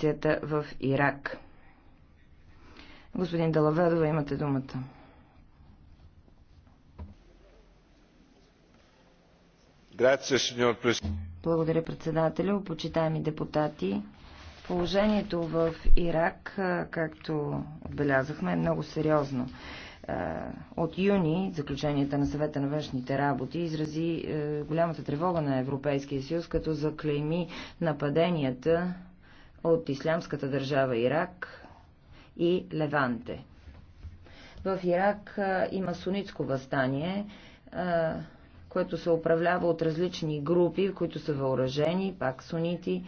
ситуацията в Ирак. Господин Далаведова, имате думата. Благодаря, председателю. Почитаеми депутати, положението в Ирак, както отбелязахме, е много сериозно. От юни заключенията на съвета на външните работи изрази е, голямата тревога на Европейския съюз, като заклейми нападенията от Ислямската държава Ирак и Леванте. В Ирак има сунитско възстание, което се управлява от различни групи, които са въоръжени, пак сунити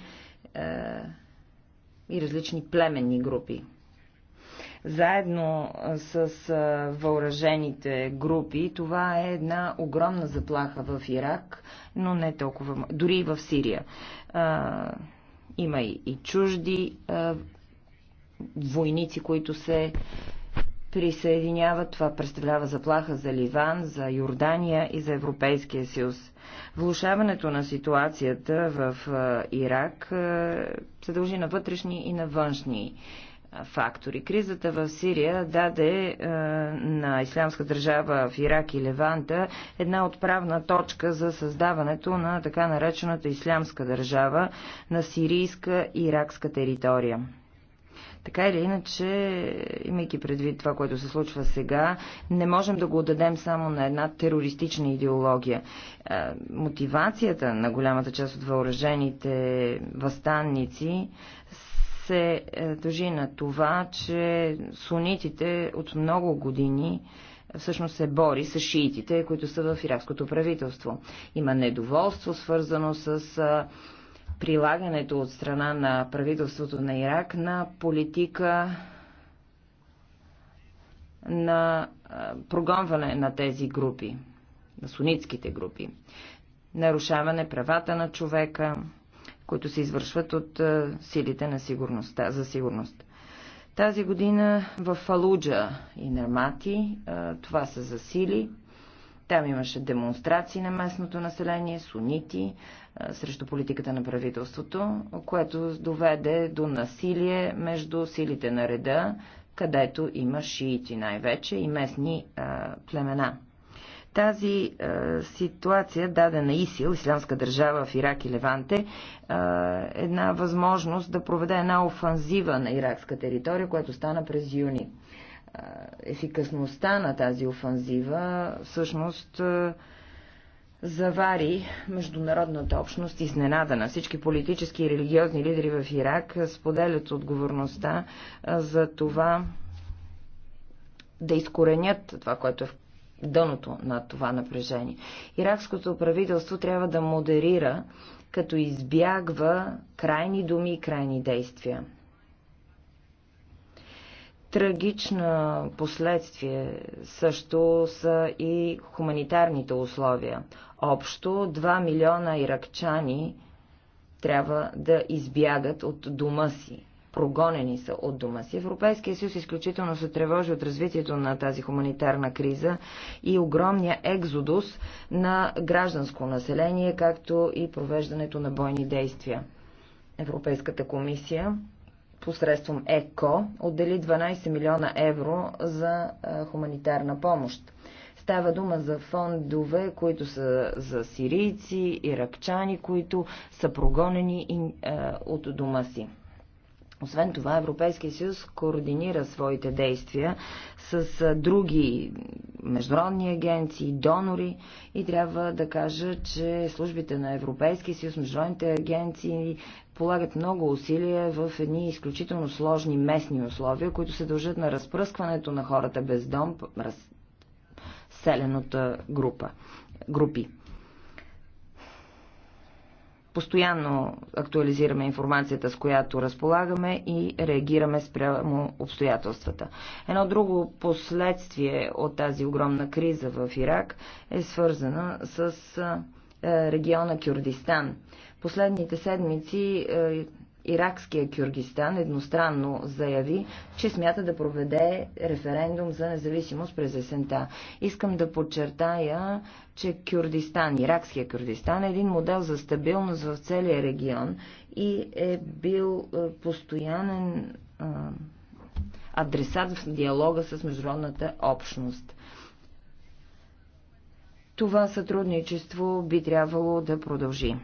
и различни племенни групи. Заедно с въоръжените групи, това е една огромна заплаха в Ирак, но не толкова, дори и в Сирия. Има и, и чужди а, войници, които се присъединяват. Това представлява заплаха за Ливан, за Йордания и за Европейския съюз. Влушаването на ситуацията в Ирак се дължи на вътрешни и на външни фактори. Кризата в Сирия даде е, на Ислямска държава в Ирак и Леванта една отправна точка за създаването на така наречената Ислямска държава на сирийска и иракска територия. Така или иначе, имайки предвид това, което се случва сега, не можем да го отдадем само на една терористична идеология. Е, мотивацията на голямата част от въоръжените възстанници се е, дължи на това, че сунитите от много години е, всъщност се бори с шиитите, които са в иракското правителство. Има недоволство, свързано с е, прилагането от страна на правителството на Ирак на политика на прогонване на тези групи, на сунитските групи, нарушаване правата на човека, които се извършват от силите на сигурността, за сигурност. Тази година в Фалуджа и Нермати това са засили. Там имаше демонстрации на местното население, сунити, срещу политиката на правителството, което доведе до насилие между силите на реда, където има шиити най-вече и местни племена. Тази е, ситуация даде на ИСИЛ, Ислямска държава в Ирак и Леванте, е, една възможност да проведе една офанзива на иракска територия, която стана през юни. Е, ефикасността на тази офанзива всъщност е, завари международната общност на Всички политически и религиозни лидери в Ирак споделят отговорността е, за това да изкоренят това, което е в дъното на това напрежение. Иракското правителство трябва да модерира, като избягва крайни думи и крайни действия. Трагична последствие също са и хуманитарните условия. Общо 2 милиона иракчани трябва да избягат от дома си прогонени са от дома си. Европейския съюз изключително се тревожи от развитието на тази хуманитарна криза и огромния екзодус на гражданско население, както и провеждането на бойни действия. Европейската комисия посредством ЕКО отдели 12 милиона евро за хуманитарна помощ. Става дума за фондове, които са за сирийци, иракчани, които са прогонени от дома си. Освен това, Европейския съюз координира своите действия с други международни агенции, донори и трябва да кажа, че службите на Европейския съюз, международните агенции полагат много усилия в едни изключително сложни местни условия, които се дължат на разпръскването на хората без дом, разселената група, групи. Постоянно актуализираме информацията, с която разполагаме и реагираме спрямо обстоятелствата. Едно друго последствие от тази огромна криза в Ирак е свързана с региона Кюрдистан. Последните седмици Иракския Кюргистан едностранно заяви, че смята да проведе референдум за независимост през есента. Искам да подчертая, че Кюрдистан, Иракския Кюрдистан е един модел за стабилност в целия регион и е бил е, постоянен е, адресат в диалога с международната общност. Това сътрудничество би трябвало да продължи.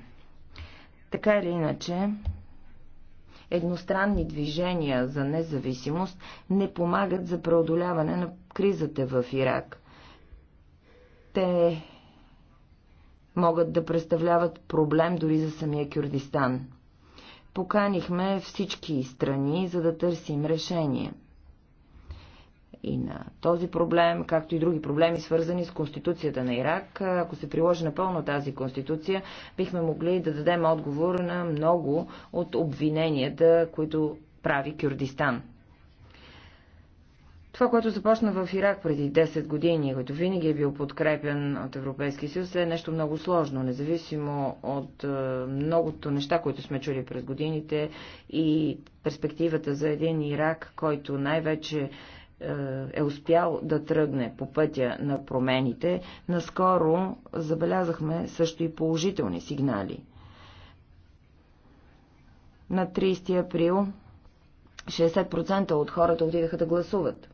Така или иначе, едностранни движения за независимост не помагат за преодоляване на кризата в Ирак. Те могат да представляват проблем дори за самия Кюрдистан. Поканихме всички страни, за да търсим решение – и на този проблем, както и други проблеми, свързани с Конституцията на Ирак. Ако се приложи напълно тази Конституция, бихме могли да дадем отговор на много от обвиненията, които прави Кюрдистан. Това, което започна в Ирак преди 10 години, което винаги е бил подкрепен от Европейския съюз, е нещо много сложно, независимо от е, многото неща, които сме чули през годините и перспективата за един Ирак, който най-вече е успял да тръгне по пътя на промените, наскоро забелязахме също и положителни сигнали. На 30 април 60% от хората отидаха да гласуват,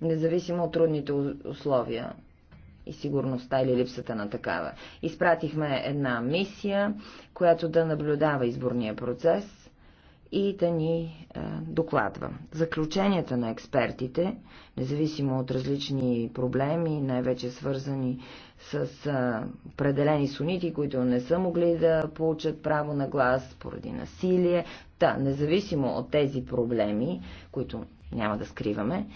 независимо от трудните условия и сигурността или липсата на такава. Изпратихме една мисия, която да наблюдава изборния процес и да ни а, е, докладва. Заключенията на експертите, независимо от различни проблеми, най-вече свързани с а, е, определени сунити, които не са могли да получат право на глас поради насилие, та, да, независимо от тези проблеми, които няма да скриваме,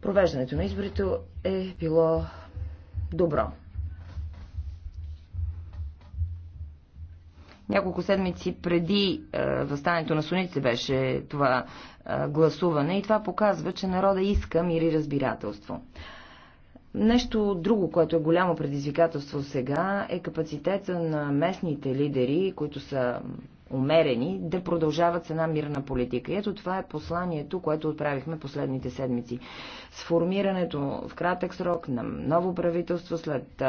провеждането на изборите е било добро. Няколко седмици преди е, възстането на суниците беше това е, гласуване и това показва, че народа иска мир и разбирателство. Нещо друго, което е голямо предизвикателство сега, е капацитета на местните лидери, които са умерени, да продължават с една мирна политика. И ето това е посланието, което отправихме последните седмици. Сформирането в кратък срок на ново правителство след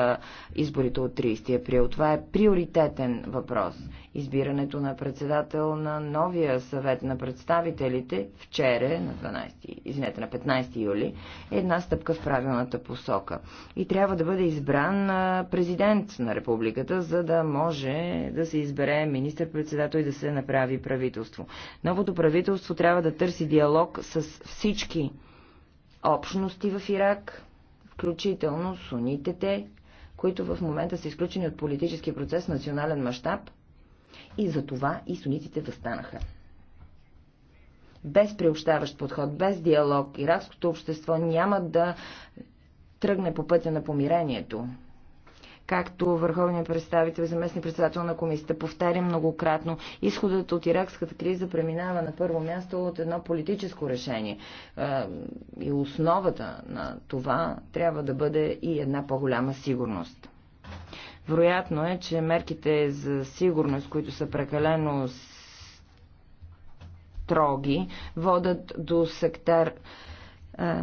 изборите от 30 април. Това е приоритетен въпрос избирането на председател на новия съвет на представителите вчера, на, 12, извинете, на 15 юли, е една стъпка в правилната посока. И трябва да бъде избран президент на републиката, за да може да се избере министър-председател и да се направи правителство. Новото правителство трябва да търси диалог с всички общности в Ирак, включително сунитите, които в момента са изключени от политически процес в национален мащаб и за това и сунитите възстанаха. Без приобщаващ подход, без диалог, иракското общество няма да тръгне по пътя на помирението както върховният представител и заместник председател на комисията повтаря многократно, изходът от иракската криза преминава на първо място от едно политическо решение. И основата на това трябва да бъде и една по-голяма сигурност. Вероятно е, че мерките за сигурност, които са прекалено строги, водат до сектар е,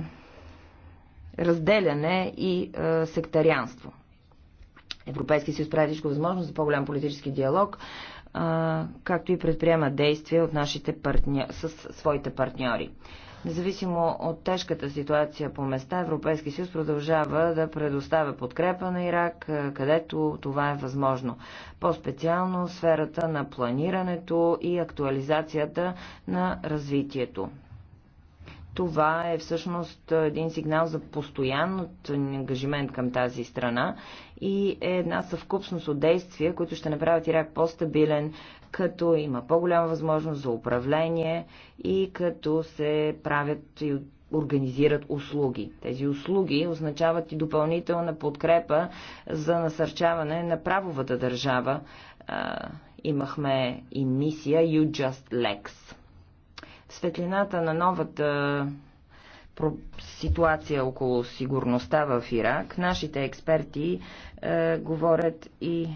разделяне и е, сектарианство. Европейски съюз прави всичко възможно за по-голям политически диалог, както и предприема действия от нашите партня... с своите партньори. Независимо от тежката ситуация по места, Европейски съюз продължава да предоставя подкрепа на Ирак, е, където това е възможно. По-специално сферата на планирането и актуализацията на развитието. Това е всъщност един сигнал за постоянното ангажимент към тази страна и е една съвкупност от действия, които ще направят Ирак по-стабилен, като има по-голяма възможност за управление и като се правят и организират услуги. Тези услуги означават и допълнителна подкрепа за насърчаване на правовата държава. имахме и мисия You Just Lex светлината на новата ситуация около сигурността в Ирак, нашите експерти е, говорят и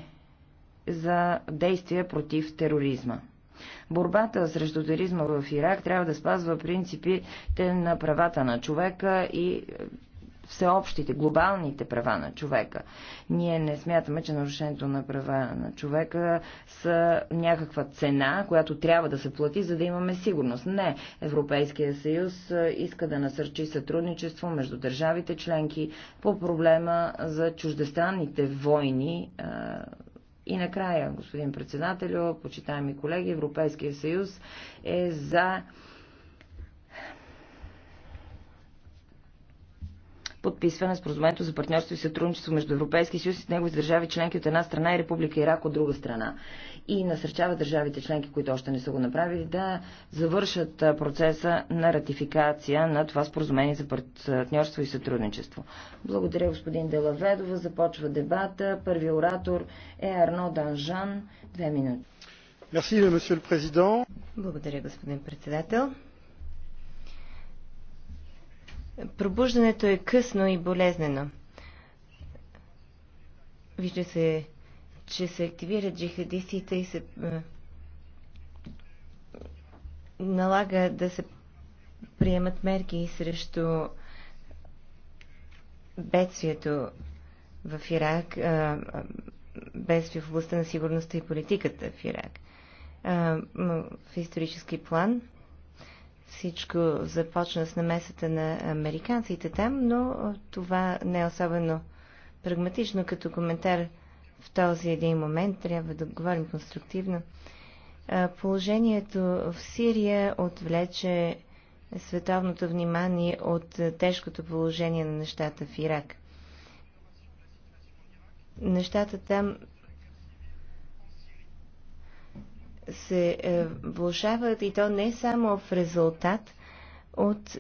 за действия против тероризма. Борбата срещу тероризма в Ирак трябва да спазва принципите на правата на човека и е, всеобщите, глобалните права на човека. Ние не смятаме, че нарушението на права на човека са някаква цена, която трябва да се плати, за да имаме сигурност. Не. Европейския съюз иска да насърчи сътрудничество между държавите членки по проблема за чуждестранните войни и накрая, господин председателю, почитаеми колеги, Европейския съюз е за подписване на споразумението за партньорство и сътрудничество между Европейския съюз и с държави членки от една страна и Република Ирак от друга страна. И насърчава държавите членки, които още не са го направили, да завършат процеса на ратификация на това споразумение за партньорство и сътрудничество. Благодаря господин Делаведова. Започва дебата. Първи оратор е Арно Данжан. Две минути. Благодаря, господин председател. Пробуждането е късно и болезнено. Вижда се, че се активират джихадистите и се е, налага да се приемат мерки срещу бедствието в Ирак, е, е, бедствие в областта на сигурността и политиката в Ирак. В исторически план всичко започна с намесата на американците там, но това не е особено прагматично като коментар в този един момент. Трябва да говорим конструктивно. Положението в Сирия отвлече световното внимание от тежкото положение на нещата в Ирак. Нещата там се е, влушават и то не само в резултат от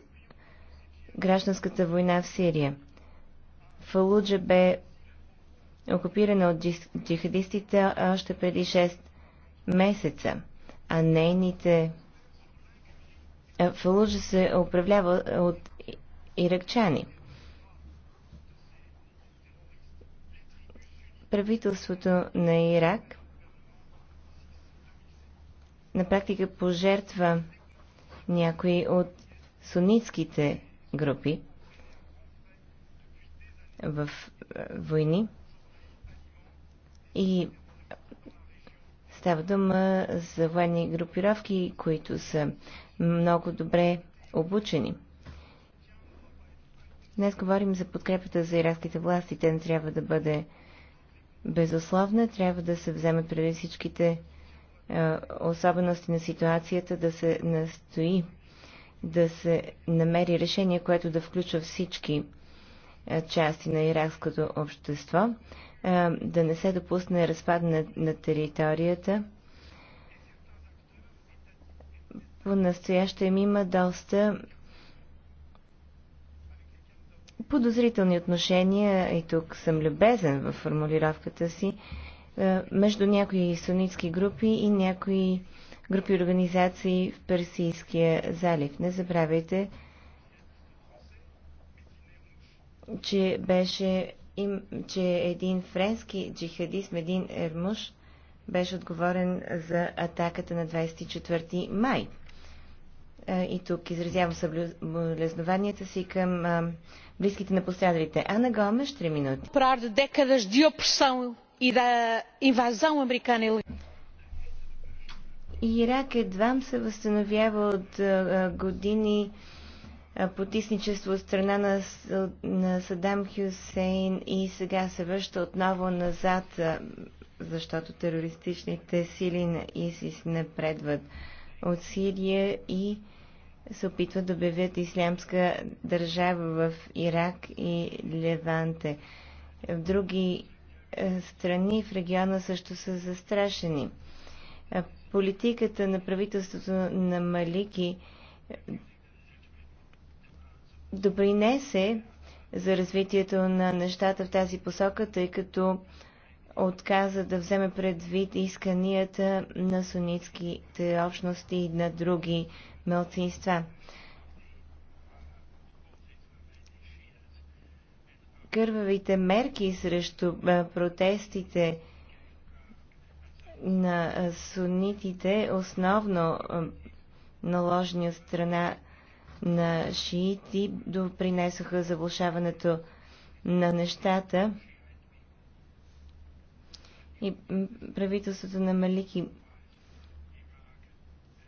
гражданската война в Сирия. Фалуджа бе окупирана от джихадистите още преди 6 месеца, а нейните... Е, Фалуджа се управлява от иракчани. Правителството на Ирак на практика пожертва някои от сунитските групи в е, войни. И става дума за военни групировки, които са много добре обучени. Днес говорим за подкрепата за иракските власти. Те не трябва да бъде безусловна, трябва да се вземат преди всичките е, особености на ситуацията да се настои да се намери решение, което да включва всички е, части на иракското общество, е, да не се допусне разпад на, на територията. По-настоящем има доста подозрителни отношения, и тук съм любезен в формулировката си, е, между някои сунитски групи и някои групи организации в Персийския залив. Не забравяйте, че беше им, че един френски джихадист, един ермуш, беше отговорен за атаката на 24 май. Е, и тук изразявам съблезнованията си към е, близките на пострадалите. Ана Гомеш, 3 минути. Правда, декадаш диопсан е Ирак едва се възстановява от години потисничество от страна на, на Садам Хюсейн и сега се връща отново назад, защото терористичните сили на ИСИС напредват от Сирия и се опитват да обявят ислямска държава в Ирак и Леванте. В други е, страни в региона също са застрашени. Е, политиката на правителството на Малики е, допринесе за развитието на нещата в тази посока, тъй като отказа да вземе предвид исканията на сунитските общности и на други мълцинства. кървавите мерки срещу протестите на сунитите, основно наложени от страна на шиити, допринесоха за влушаването на нещата. И правителството на Малики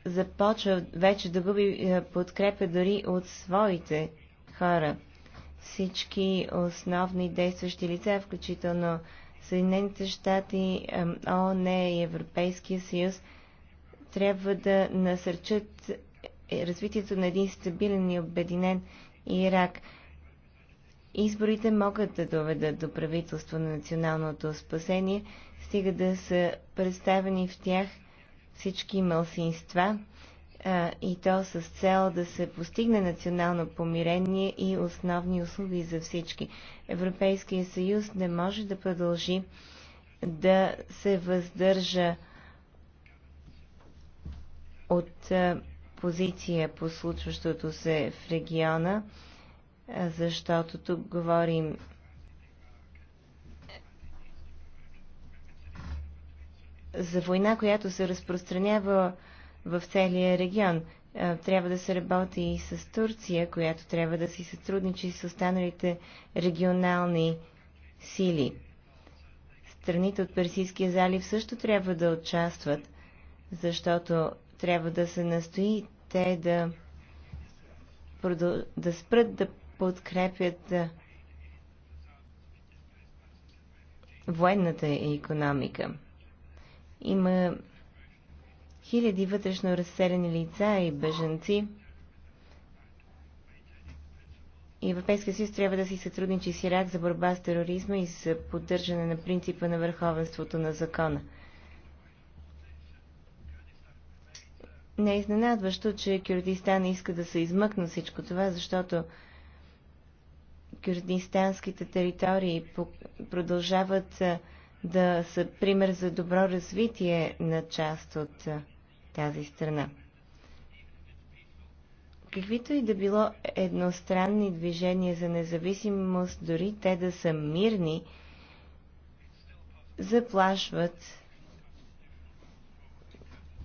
започва вече да губи подкрепа дори от своите хора всички основни действащи лица, включително Съединените щати, ООН и Европейския съюз, трябва да насърчат е, развитието на един стабилен и обединен Ирак. Изборите могат да доведат до правителство на националното спасение, стига да са представени в тях всички мълсинства и то с цел да се постигне национално помирение и основни услуги за всички. Европейския съюз не може да продължи да се въздържа от позиция по случващото се в региона, защото тук говорим за война, която се разпространява в целия регион. Е, трябва да се работи и с Турция, която трябва да си сътрудничи с останалите регионални сили. Страните от Персийския залив също трябва да участват, защото трябва да се настои те да, да спрат да подкрепят е, военната економика. Има Хиляди вътрешно разселени лица и бежанци. Европейския съюз трябва да си сътрудничи с Ирак за борба с тероризма и за поддържане на принципа на върховенството на закона. Не е изненадващо, че Кюрдистан иска да се измъкна всичко това, защото кюрдистанските територии продължават да са пример за добро развитие на част от тази страна. Каквито и да било едностранни движения за независимост, дори те да са мирни, заплашват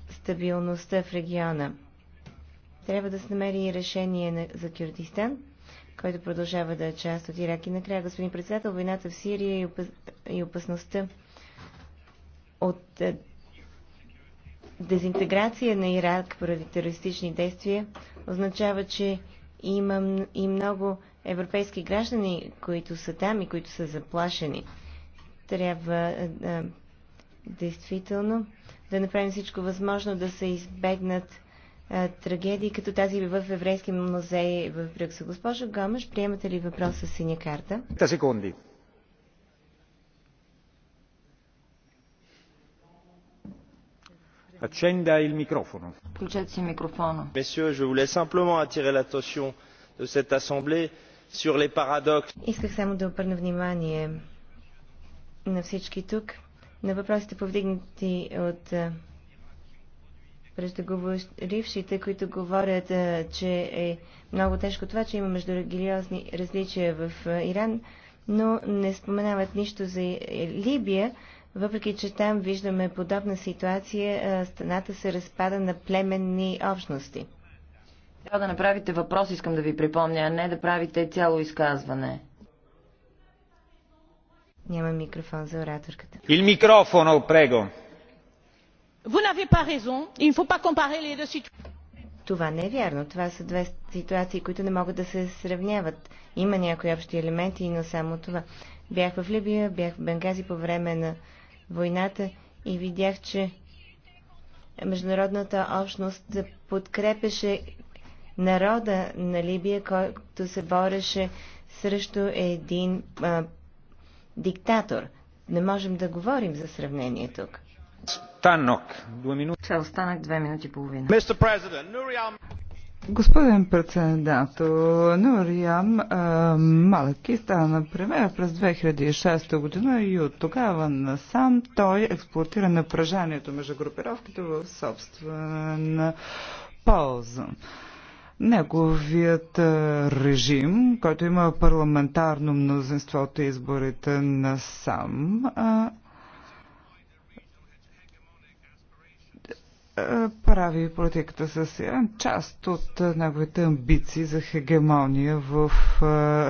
стабилността в региона. Трябва да се намери и решение за Кюрдистан, който продължава да е част от Ирак. И накрая, господин председател, войната в Сирия и опасността от е, дезинтеграция на Ирак поради терористични действия означава, че има и много европейски граждани, които са там и които са заплашени. Трябва а, е, е, действително да направим всичко възможно да се избегнат а, е, трагедии, като тази в Еврейския музей в Брюксел. Госпожо Гомеш, приемате ли въпрос с синя карта? Секунди. Accenda il microfono. Включете микрофона. je voulais simplement attirer l'attention de cette assemblée sur les paradoxes. Исках само да обърна внимание на всички тук на въпросите повдигнати от преждеговорившите, които говорят, че е много тежко това, че има междурелигиозни различия в Иран, но не споменават нищо за е, Либия, въпреки, че там виждаме подобна ситуация, страната се разпада на племенни общности. Трябва да направите въпрос, искам да ви припомня, а не да правите цяло изказване. Няма микрофон за ораторката. Il microfono, prego. Vous n'avez pas raison. Il ne faut pas comparer les deux situations. Това не е вярно. Това са две ситуации, които не могат да се сравняват. Има някои общи елементи, но само това. Бях в Либия, бях в Бенгази по време на войната и видях, че международната общност подкрепеше народа на Либия, който се бореше срещу един а, диктатор. Не можем да говорим за сравнение тук. Станок. две минути. Чел, станах две минути и половина. Господин председател, Нориан Малки стана премьер през 2006 година и от тогава насам той експлуатира напрежението между групировките в собствена полза. Неговият режим, който има парламентарно от изборите насам, сам, Е, прави политиката с Иран е, част от неговите амбиции за хегемония в е,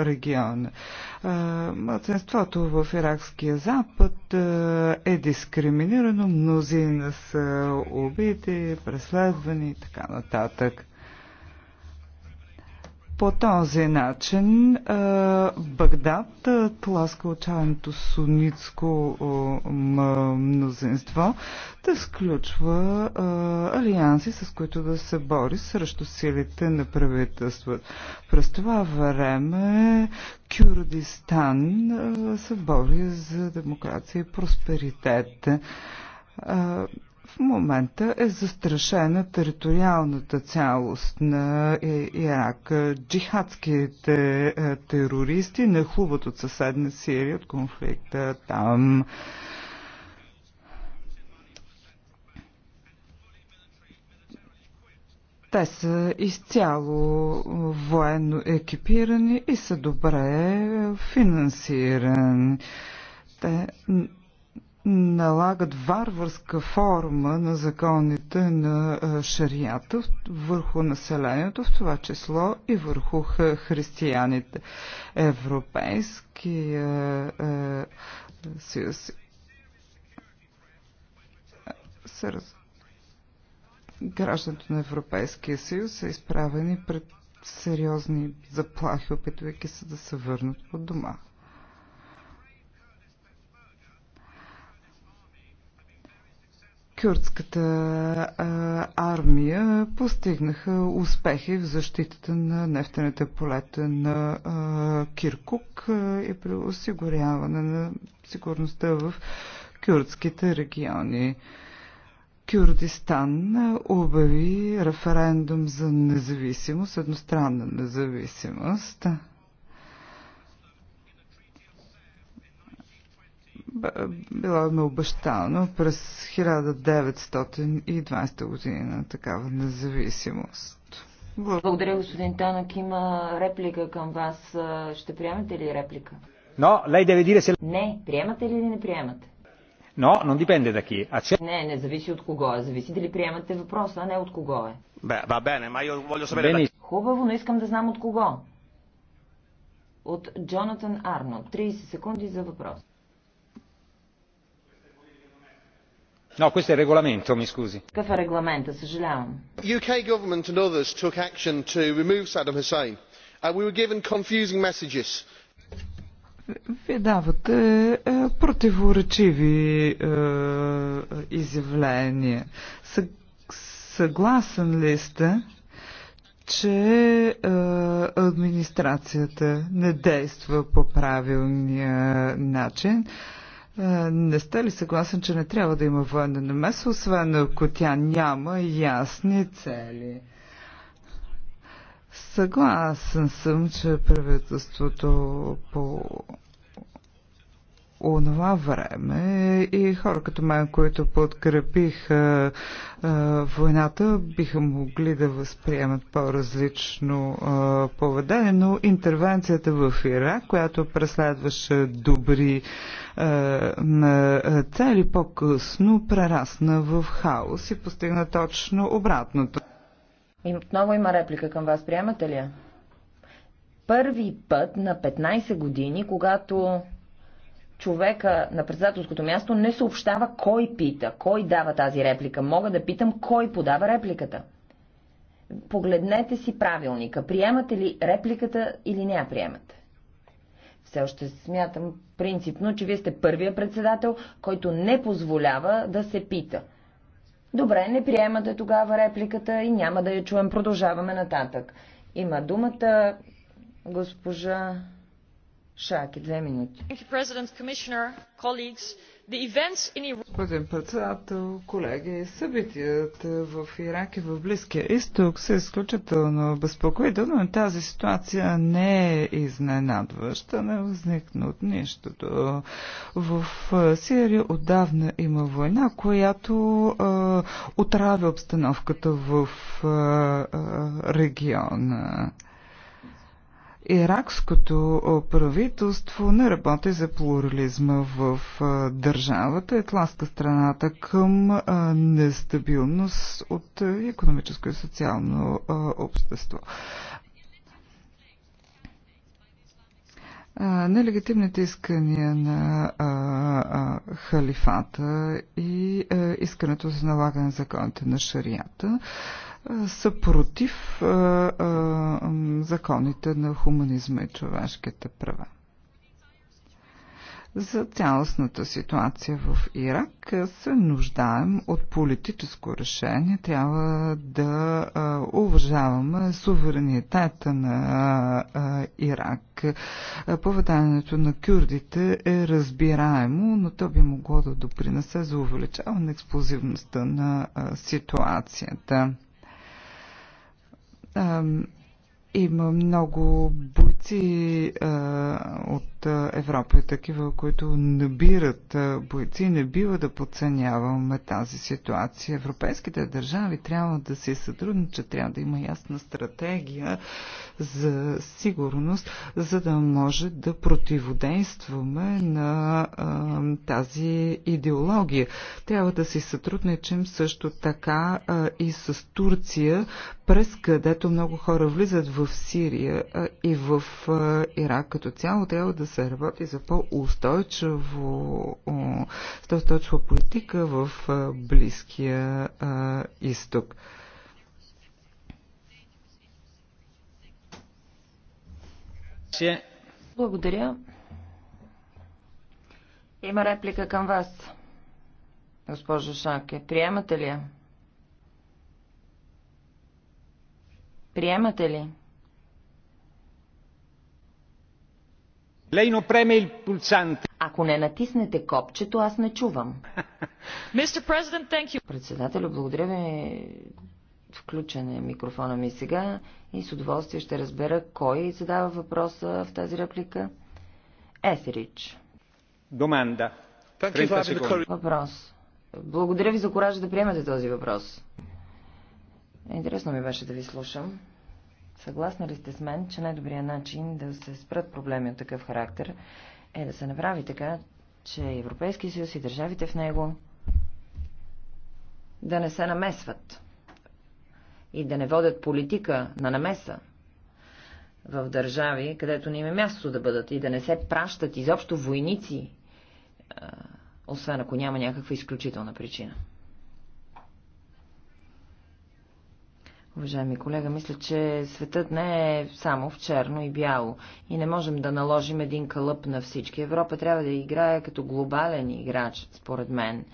региона. Младсенството в Иракския запад е дискриминирано, мнозина са убити, преследвани и така нататък. По този начин е, Багдад е, тласка отчаяното сунитско е, мнозинство да сключва алианси, с които да се бори срещу силите на правителството. През това време Кюрдистан се бори за демокрация и просперитет в момента е застрашена териториалната цялост на Ирак. Джихадските е, терористи нахлуват от съседна Сирия, от конфликта там. Те са изцяло военно екипирани и са добре финансирани. Те налагат варварска форма на законите на шарията върху населението, в това число и върху християните. Европейски съюз се раз... гражданите на Европейския съюз са изправени пред сериозни заплахи, опитвайки се да се върнат от дома. кюртската а, армия постигнаха успехи в защитата на нефтените полета на а, Киркук а, и при осигуряване на сигурността в кюртските региони. Кюрдистан обяви референдум за независимост, едностранна независимост. била ме обещано през 1920 година такава независимост. Благодаря. Благодаря, господин Танък. Има реплика към вас. Ще приемете ли реплика? Но, лей да се... Не, приемате ли или не приемате? Но, депенде да ки. А че... Не, не зависи от кого е. Зависи дали приемате въпроса, а не от кого е. Бе, ба, бе, не, май, волю sapere... да... Хубаво, но искам да знам от кого. От Джонатан Арно. 30 секунди за въпрос. No, questo è il regolamento, mi scusi. Какъв е регламента, съжалявам. UK government and others took action to remove Saddam Hussein and we were given confusing messages. Ви давате е, противоречиви е, изявления. Съг, съгласен ли сте, че е, администрацията не действа по правилния начин? Е, е, не сте ли съгласен, че не трябва да има военна намеса, освен ако тя няма ясни цели? Съгласен съм, че правителството по онова време и хора като мен, които подкрепиха войната, биха могли да възприемат по-различно поведение, но интервенцията в Ирак, която преследваше добри цели, по-късно прерасна в хаос и постигна точно обратното. И отново има реплика към вас, приемате ли я? Първи път на 15 години, когато човека на председателското място не съобщава кой пита, кой дава тази реплика. Мога да питам кой подава репликата. Погледнете си правилника. Приемате ли репликата или не я приемате? Все още смятам принципно, че вие сте първия председател, който не позволява да се пита. Добре, не приемате тогава репликата и няма да я чуем. Продължаваме нататък. Има думата госпожа Шаки, две минути. Господин председател, колеги, събитията в Ирак и в Близкия изток са изключително безпокоително, но тази ситуация не е изненадваща, не е възникна от нищото. В Сирия отдавна има война, която а, отравя обстановката в а, а, региона. Иракското правителство не работи за плурализма в държавата етласка тласка страната към нестабилност от економическо и социално общество. нелегитимните искания на а, а, халифата и а, искането за налагане на законите на шарията са против а, а, законите на хуманизма и човешките права. За цялостната ситуация в Ирак се нуждаем от политическо решение. Трябва да а, уважаваме суверенитета на а, Ирак. Поведението на кюрдите е разбираемо, но то би могло да допринесе за увеличаване на експлозивността на а, ситуацията има много бойци а, от а, Европа, такива, които набират а, бойци. Не бива да подценяваме тази ситуация. Европейските държави трябва да се сътрудничат, трябва да има ясна стратегия за сигурност, за да може да противодействаме на а, тази идеология. Трябва да си сътрудничим също така а, и с Турция, през където много хора влизат в Сирия а, и в а, Ирак като цяло. Трябва да се работи за по-устойчиво политика в Близкия изток. Благодаря. Има реплика към вас, госпожо Шаке. Приемате ли я? Приемате ли? Лейно non preme Ако не натиснете копчето, аз не чувам. Председателю, благодаря ви Включен е микрофона ми сега и с удоволствие ще разбера кой задава въпроса в тази реплика. Есерич. Доманда. Въпрос. Благодаря ви за коража да приемате този въпрос. Е, интересно ми беше да ви слушам. Съгласна ли сте с мен, че най-добрият начин да се спрат проблеми от такъв характер е да се направи така, че Европейския съюз и държавите в него да не се намесват? и да не водят политика на намеса в държави, където не има е място да бъдат и да не се пращат изобщо войници, освен ако няма някаква изключителна причина. Уважаеми колега, мисля, че светът не е само в черно и бяло и не можем да наложим един кълъп на всички. Европа трябва да играе като глобален играч, според мен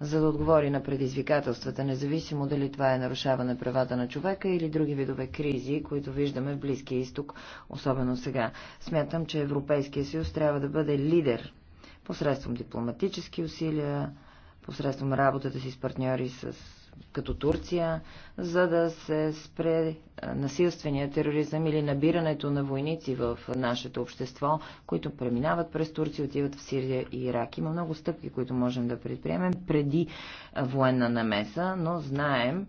за да отговори на предизвикателствата, независимо дали това е нарушаване правата на човека или други видове кризи, които виждаме в Близкия изток, особено сега. Смятам, че Европейския съюз трябва да бъде лидер посредством дипломатически усилия, посредством работата си с партньори с като Турция, за да се спре насилствения тероризъм или набирането на войници в нашето общество, които преминават през Турция, отиват в Сирия и Ирак. Има много стъпки, които можем да предприемем преди военна намеса, но знаем,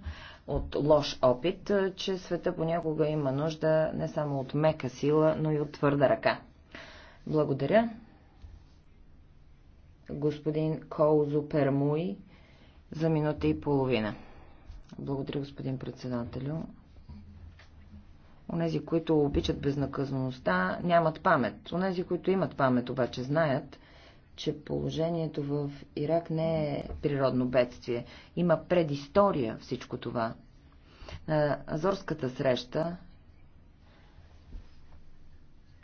от лош опит, че света понякога има нужда не само от мека сила, но и от твърда ръка. Благодаря. Господин Коузу Пермуи за минута и половина. Благодаря, господин председателю. Онези, които обичат безнаказаността, нямат памет. Онези, които имат памет, обаче знаят, че положението в Ирак не е природно бедствие. Има предистория всичко това. На Азорската среща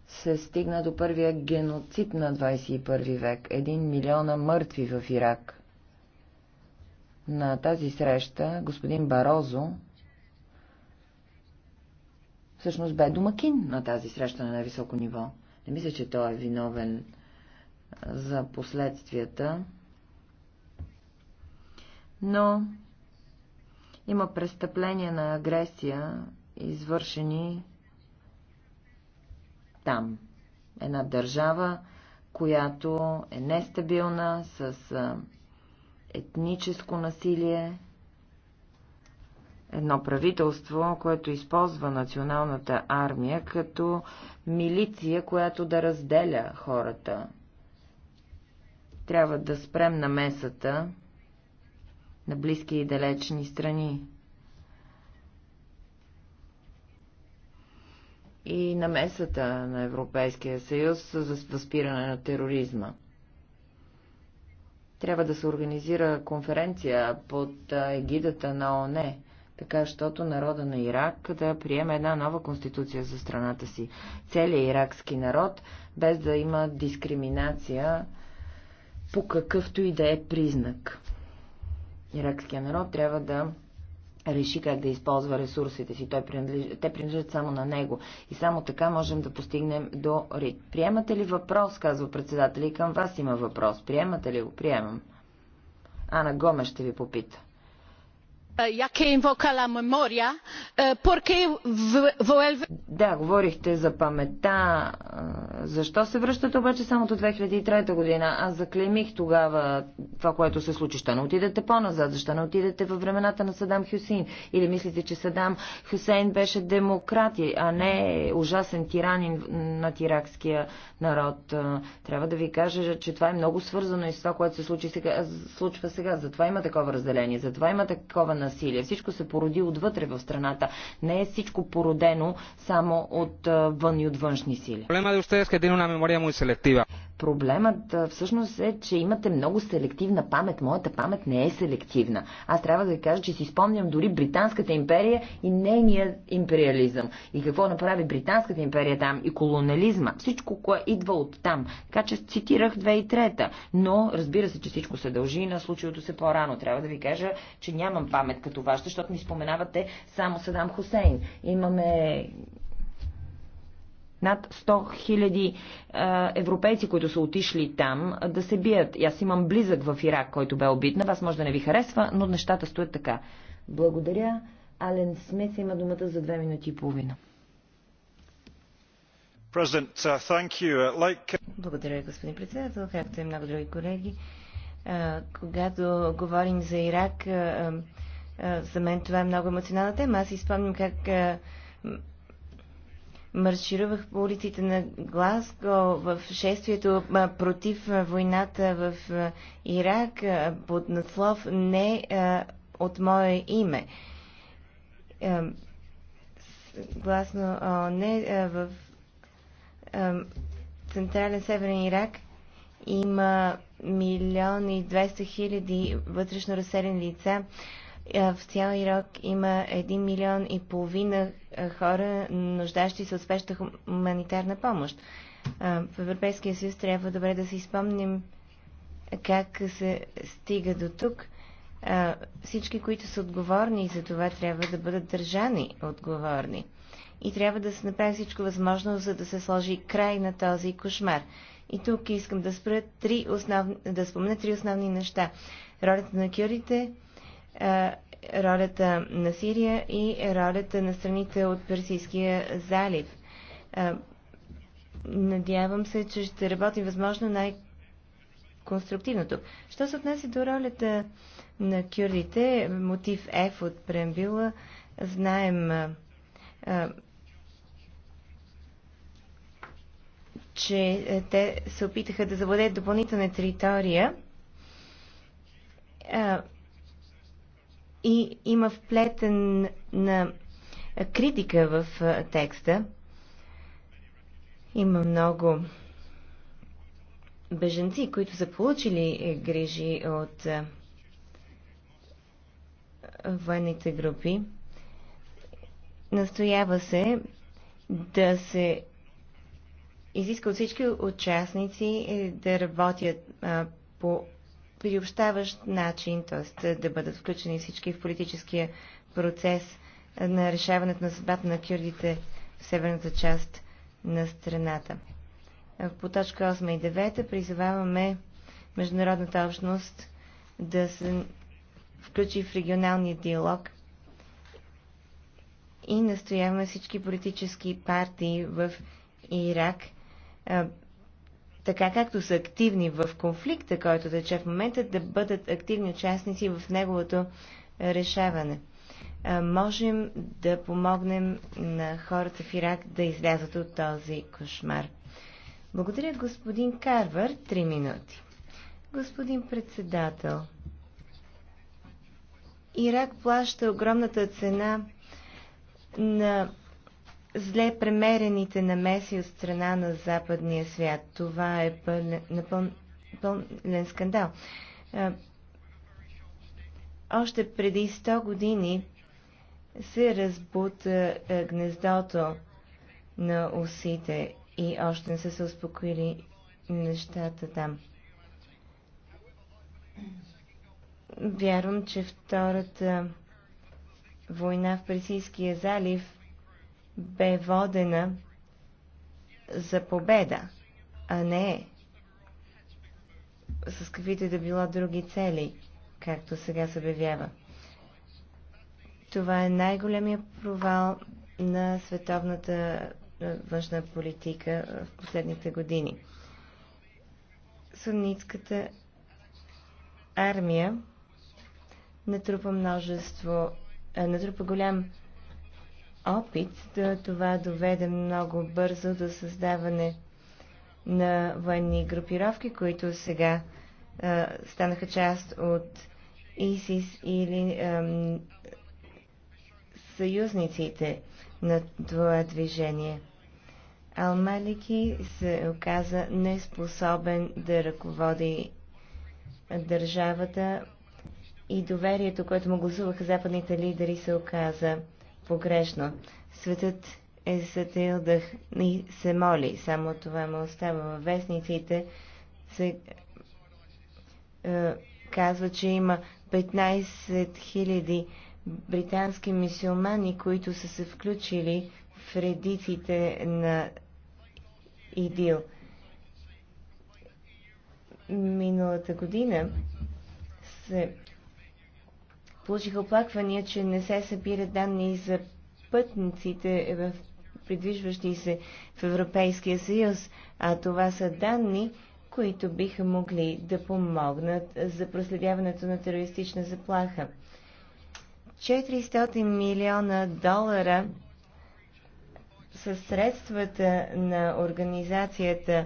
се стигна до първия геноцид на 21 век. Един милиона мъртви в Ирак на тази среща господин Барозо всъщност бе домакин на тази среща на най-високо ниво. Не мисля, че той е виновен за последствията, но има престъпления на агресия, извършени там. Една държава, която е нестабилна, с етническо насилие, едно правителство, което използва националната армия като милиция, която да разделя хората. Трябва да спрем на месата на близки и далечни страни. И на месата на Европейския съюз за възпиране на тероризма. Трябва да се организира конференция под егидата на ОНЕ, така щото народа на Ирак да приеме една нова конституция за страната си. Целият иракски народ, без да има дискриминация по какъвто и да е признак. Иракския народ трябва да реши как да използва ресурсите си. Той принадлеж... те принадлежат само на него. И само така можем да постигнем до РИД. Приемате ли въпрос, казва председателя, и към вас има въпрос. Приемате ли го? Приемам. Ана Гоме ще ви попита. Е, е я е, Да, говорихте за паметта. Защо се връщате обаче само до 2003 година? Аз заклемих тогава това, което се случи. Ще не отидете по-назад? Защо не отидете във времената на Садам Хюсейн? Или мислите, че Садам Хюсейн беше демократи, а не ужасен тиранин на иракския народ? Трябва да ви кажа, че това е много свързано и с това, което се случи сега, случва сега. Затова има такова разделение, затова има такова насилие. Всичко се породи отвътре в страната. Не е всичко породено само от вън и от външни сили. Проблема de ustedes que tiene una memoria muy selectiva. Проблемът всъщност е, че имате много селективна памет. Моята памет не е селективна. Аз трябва да ви кажа, че си спомням дори Британската империя и нейния империализъм. И какво направи Британската империя там и колониализма. Всичко, кое идва от там. Така че цитирах 2003-та. Но разбира се, че всичко се дължи на случилото се по-рано. Трябва да ви кажа, че нямам памет като вашата, защото ми споменавате само Садам Хусейн. Имаме над 100 хиляди е, европейци, които са отишли там, да се бият. И аз имам близък в Ирак, който бе убит. На вас може да не ви харесва, но нещата стоят така. Благодаря. Ален Смес има думата за две минути и половина. Uh, uh, Благодаря, господин председател, както и много други колеги. Когато говорим за Ирак, за мен това е много емоционална тема. Аз изпомням как марширувах по улиците на Глазго в шествието против войната в Ирак под надслов не от мое име. Гласно не в Централен Северен Ирак има милион и 200 хиляди вътрешно разселени лица. Е, в цял Ирак има 1 милион и половина е, хора, нуждащи се от спешна хуманитарна помощ. Е, в Европейския съюз трябва добре да си спомним как се стига до тук. Всички, които са отговорни за това, трябва да бъдат държани отговорни. И трябва да се направи всичко възможно, за да се сложи край на този кошмар. И тук искам да, спра три основни, да спомня три основни неща. Ролята на кюрите, е, ролята на Сирия и ролята на страните от Персийския залив. Е, надявам се, че ще работим възможно най-конструктивното. Що се отнесе до ролята на кюрдите, мотив F от преамбила, знаем, е, че те се опитаха да завладеят допълнителна територия и има вплетен на критика в текста. Има много беженци, които са получили е, грижи от военните групи. Настоява се да се изиска от всички участници е, да работят по приобщаващ начин, т.е. да бъдат включени всички в политическия процес на решаването на съдбата на кюрдите в северната част на страната. По точка 8 и 9 призоваваме международната общност да се включи в регионалния диалог и настояваме всички политически партии в Ирак така както са активни в конфликта, който тече в момента, да бъдат активни участници в неговото решаване. Можем да помогнем на хората в Ирак да излязат от този кошмар. Благодаря, господин Карвар. Три минути. Господин председател, Ирак плаща огромната цена на зле премерените намеси от страна на западния свят. Това е пълен, пълен, пълен скандал. Още преди 100 години се разбута гнездото на усите и още не са се успокоили нещата там. Вярвам, че втората война в Персийския залив бе водена за победа, а не с каквито да било други цели, както сега се обявява. Това е най-големия провал на световната е, външна политика в последните години. Сунитската армия натрупа множество, е, натрупа голям опит. Това доведе много бързо до създаване на военни групировки, които сега а, станаха част от ИСИС или ам, съюзниците на това движение. Алмалики се оказа неспособен да ръководи държавата и доверието, което му гласуваха западните лидери, се оказа погрешно. Светът е сътил да и се моли. Само това му остава. Във вестниците се е, казва, че има 15 000 британски мисиомани, които са се включили в редиците на ИДИЛ. Миналата година се Получих оплаквания, че не се събират данни за пътниците в придвижващи се в Европейския съюз, а това са данни, които биха могли да помогнат за проследяването на терористична заплаха. 400 милиона долара са средствата на Организацията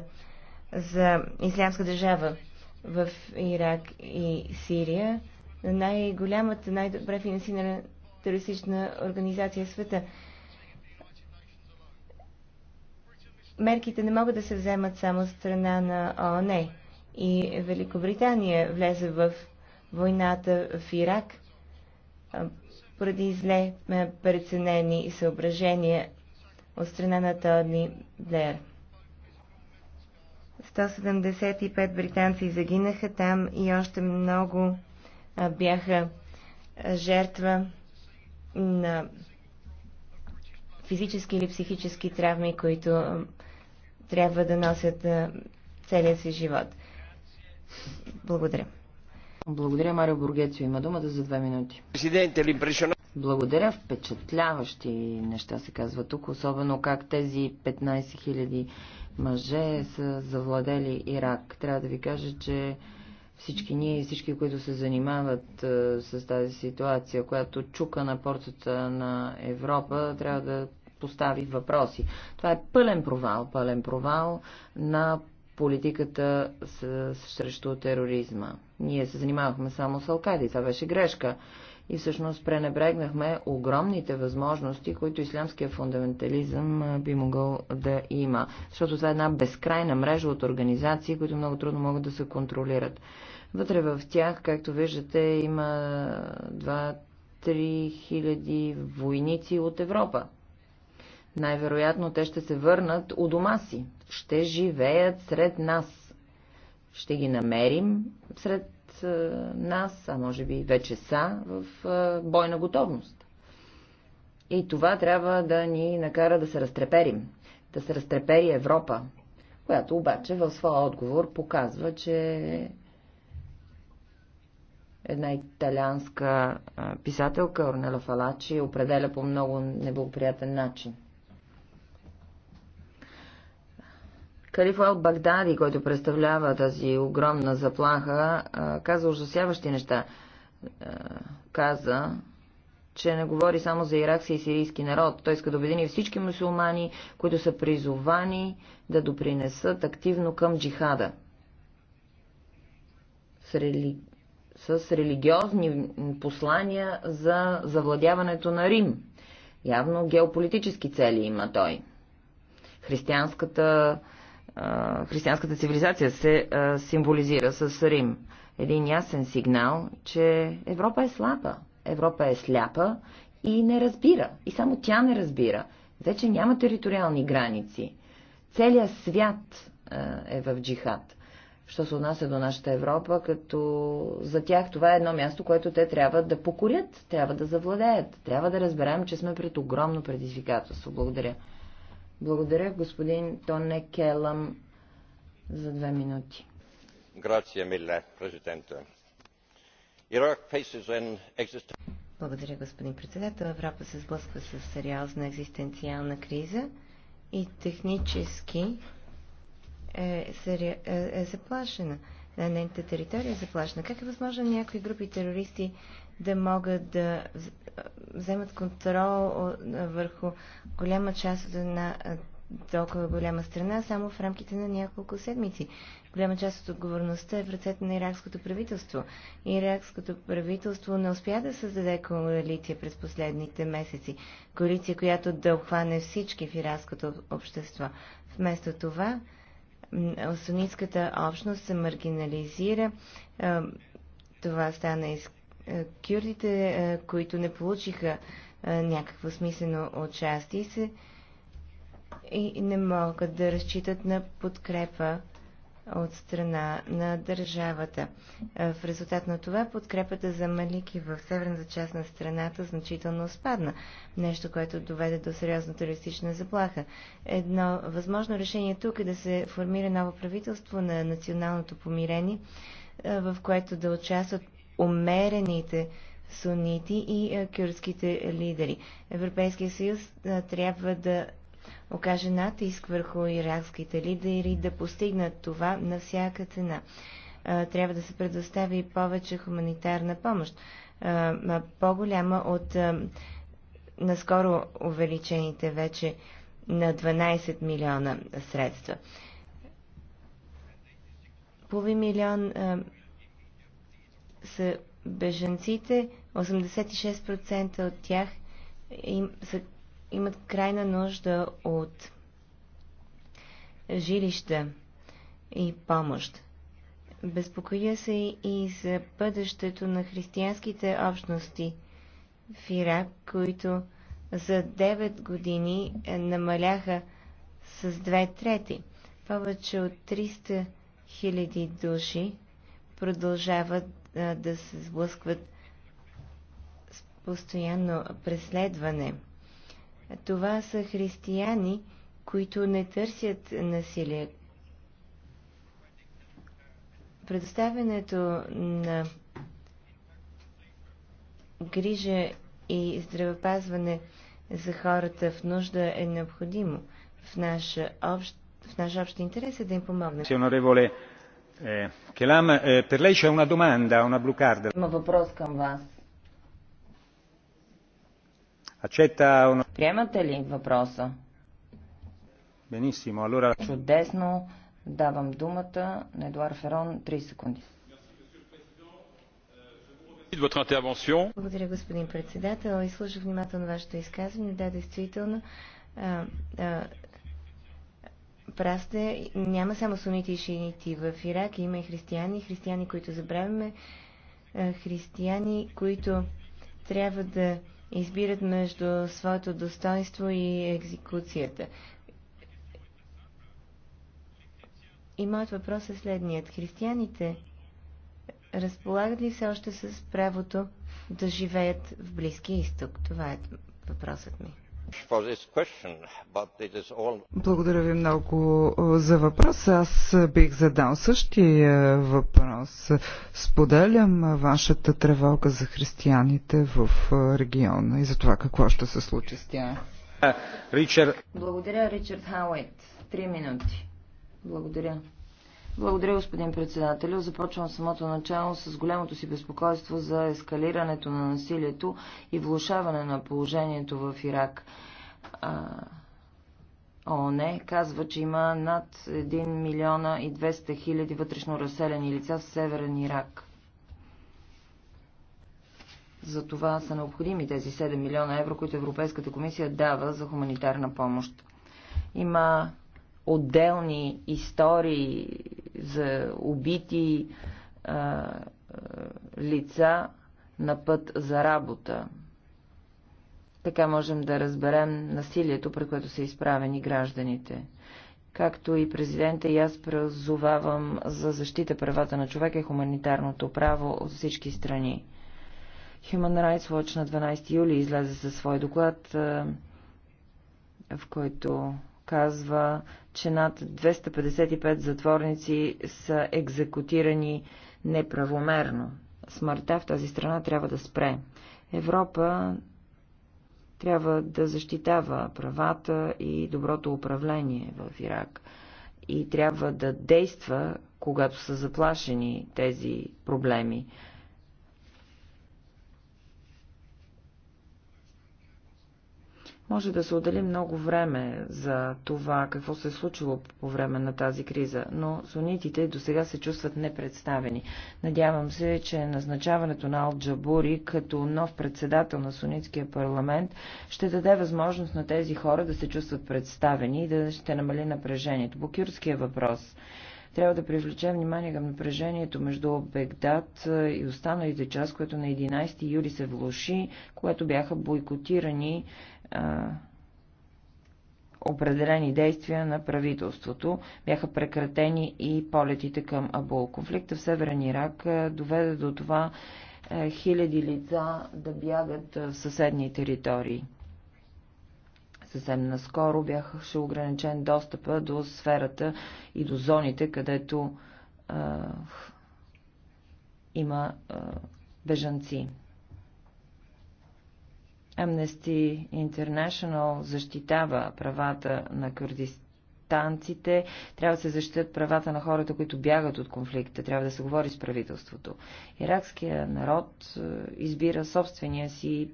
за Ислямска държава в Ирак и Сирия на най-голямата, най-добре финансирана терористична организация в света. Мерките не могат да се вземат само страна на ООН. И Великобритания влезе в войната в Ирак поради зле преценени съображения от страна на Тони Блеер. 175 британци загинаха там и още много бяха жертва на физически или психически травми, които трябва да носят целия си живот. Благодаря. Благодаря, Марио Бургецио. Има думата за две минути. Благодаря. Впечатляващи неща се казва тук, особено как тези 15 000 мъже са завладели Ирак. Трябва да ви кажа, че всички ние и всички, които се занимават а, с тази ситуация, която чука на портата на Европа, трябва да постави въпроси. Това е пълен провал, пълен провал на политиката с, срещу тероризма. Ние се занимавахме само с Алкади, това беше грешка и всъщност пренебрегнахме огромните възможности, които ислямския фундаментализъм би могъл да има. Защото това е една безкрайна мрежа от организации, които много трудно могат да се контролират. Вътре в тях, както виждате, има 2-3 хиляди войници от Европа. Най-вероятно те ще се върнат у дома си. Ще живеят сред нас. Ще ги намерим сред нас, а може би вече са, в бойна готовност. И това трябва да ни накара да се разтреперим, да се разтрепери Европа, която обаче в своя отговор показва, че една италианска писателка Орнела Фалачи определя по много неблагоприятен начин – Калиф Ал Багдади, който представлява тази огромна заплаха, каза ужасяващи неща. Каза, че не говори само за иракски и сирийски народ. Той иска да обедини всички мусулмани, които са призовани да допринесат активно към джихада. С, рели... с религиозни послания за завладяването на Рим. Явно геополитически цели има той. Християнската християнската цивилизация се символизира с Рим. Един ясен сигнал, че Европа е слаба, Европа е сляпа и не разбира. И само тя не разбира. Вече няма териториални граници. Целият свят е в джихад. Що се отнася до нашата Европа, като за тях това е едно място, което те трябва да покорят, трябва да завладеят, трябва да разберем, че сме пред огромно предизвикателство. Благодаря. Благодаря, господин Тоне Келам, за две минути. Грация, миле, Благодаря, господин председател. Европа се сблъсква с сериозна екзистенциална криза и технически е, сери... е, е заплашена. Нейната територия е заплашена. Как е възможно някои групи терористи да могат да вземат контрол върху голяма част от една толкова голяма страна, само в рамките на няколко седмици. Голяма част от отговорността е в ръцете на иракското правителство. Иракското правителство не успя да създаде коалиция през последните месеци. Коалиция, която да обхване всички в иракското общество. Вместо това, сунитската общност се маргинализира. Това стана изключително е, кюрдите, е, които не получиха е, някакво смислено участие се и не могат да разчитат на подкрепа от страна на държавата. В резултат на това подкрепата за Малики в северната част на страната значително спадна, нещо, което доведе до сериозна туристична заплаха. Едно възможно решение тук е да се формира ново правителство на националното помирение, в което да участват умерените сунити и кюрдските лидери. Европейския съюз трябва да окаже натиск върху иракските лидери да постигнат това на всяка цена. Трябва да се предостави повече хуманитарна помощ, по-голяма от наскоро увеличените вече на 12 милиона средства. Полови милион са беженците, 86% от тях им, са, имат крайна нужда от жилища и помощ. Безпокоя се и за бъдещето на християнските общности в Ирак, които за 9 години е, намаляха с 2 трети. Повече от 300 000 души продължават да се сблъскват с постоянно преследване. Това са християни, които не търсят насилие. Предоставянето на грижа и здравеопазване за хората в нужда е необходимо. В наш общ, в наш общ интерес е да им помогнем. Eh, eh, Има въпрос към вас. Приемате ли въпроса? Чудесно. Давам думата на Едуар Ферон. 3 секунди. Благодаря, господин председател. Изслушах внимателно вашето изказване. Да, действително прав сте, няма само сунити и шиити в Ирак, има и християни, християни, които забравяме, християни, които трябва да избират между своето достоинство и екзекуцията. И моят въпрос е следният. Християните разполагат ли все още с правото да живеят в Близкия изток? Това е въпросът ми. Благодаря ви много за въпрос. Аз бих задал същия въпрос. Споделям вашата тревога за християните в региона и за това какво ще се случи с тях. Е, Ричард. Благодаря, Ричард Хаует. Три минути. Благодаря. Благодаря, господин председател. Започвам самото начало с голямото си безпокойство за ескалирането на насилието и влушаване на положението в Ирак. ООН казва, че има над 1 милиона и 200 хиляди вътрешно разселени лица в Северен Ирак. За това са необходими тези 7 милиона евро, които Европейската комисия дава за хуманитарна помощ. Има отделни истории за убити а, лица на път за работа. Така можем да разберем насилието, при което са изправени гражданите. Както и президента, и аз призовавам за защита правата на човека и хуманитарното право от всички страни. Human Rights Watch на 12 юли излезе със свой доклад, в който казва, че над 255 затворници са екзекутирани неправомерно. Смъртта в тази страна трябва да спре. Европа трябва да защитава правата и доброто управление в Ирак. И трябва да действа, когато са заплашени тези проблеми. Може да се отдели много време за това, какво се е случило по време на тази криза, но сунитите до сега се чувстват непредставени. Надявам се, че назначаването на Ал Джабури като нов председател на сунитския парламент ще даде възможност на тези хора да се чувстват представени и да ще намали напрежението. Букюрския въпрос трябва да привлечем внимание към напрежението между Бегдад и останалите част, което на 11 юли се влуши, което бяха бойкотирани определени действия на правителството. Бяха прекратени и полетите към Абул. Конфликта в Северен Ирак доведе до това хиляди лица да бягат в съседни територии. Съвсем наскоро бяха ограничен достъпа до сферата и до зоните, където а, има а, бежанци. Amnesty International защитава правата на Танците. Трябва да се защитят правата на хората, които бягат от конфликта. Трябва да се говори с правителството. Иракският народ е, избира собствения си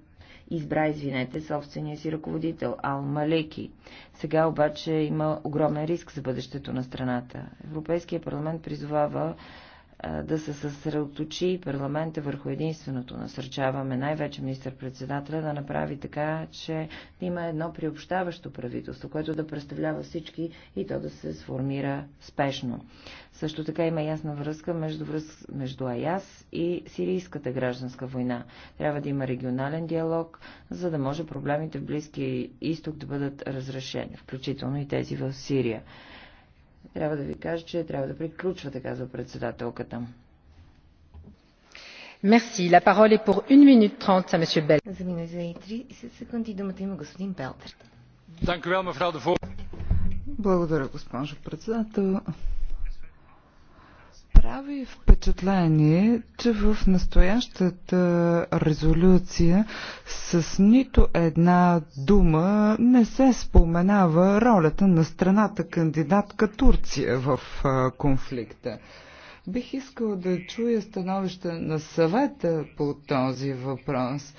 избра, извинете, собствения си ръководител, Ал Малеки. Сега обаче има огромен риск за бъдещето на страната. Европейския парламент призовава да се съсредоточи парламента върху единственото. Насърчаваме най-вече министър-председателя да направи така, че да има едно приобщаващо правителство, което да представлява всички и то да се сформира спешно. Също така има ясна връзка между, връз... между АЯС и Сирийската гражданска война. Трябва да има регионален диалог, за да може проблемите в Близкия изток да бъдат разрешени, включително и тези в Сирия. Трябва да ви кажа, че трябва да приключвате, казва председателката. Мерси. La parole est pour 1 minute 30 за месье Bell. За минута 30 секунди думата има господин Белтер. Благодаря, госпожо председател прави впечатление, че в настоящата резолюция с нито една дума не се споменава ролята на страната кандидатка Турция в конфликта. Бих искал да чуя становище на съвета по този въпрос,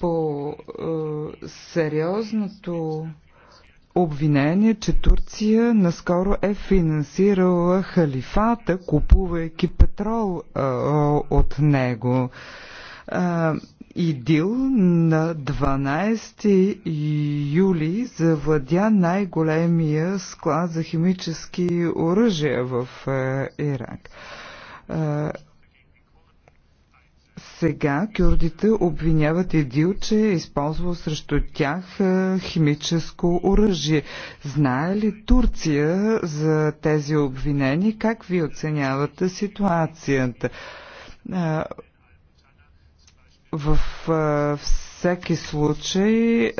по сериозното обвинение, че Турция наскоро е финансирала халифата, купувайки петрол а, от него. А, ИДИЛ на 12 юли завладя най-големия склад за химически оръжия в Ирак сега кюрдите обвиняват Едил, че е използвал срещу тях е, химическо оръжие. Знае ли Турция за тези обвинения? Как ви оценявате ситуацията? Е, в е, всеки случай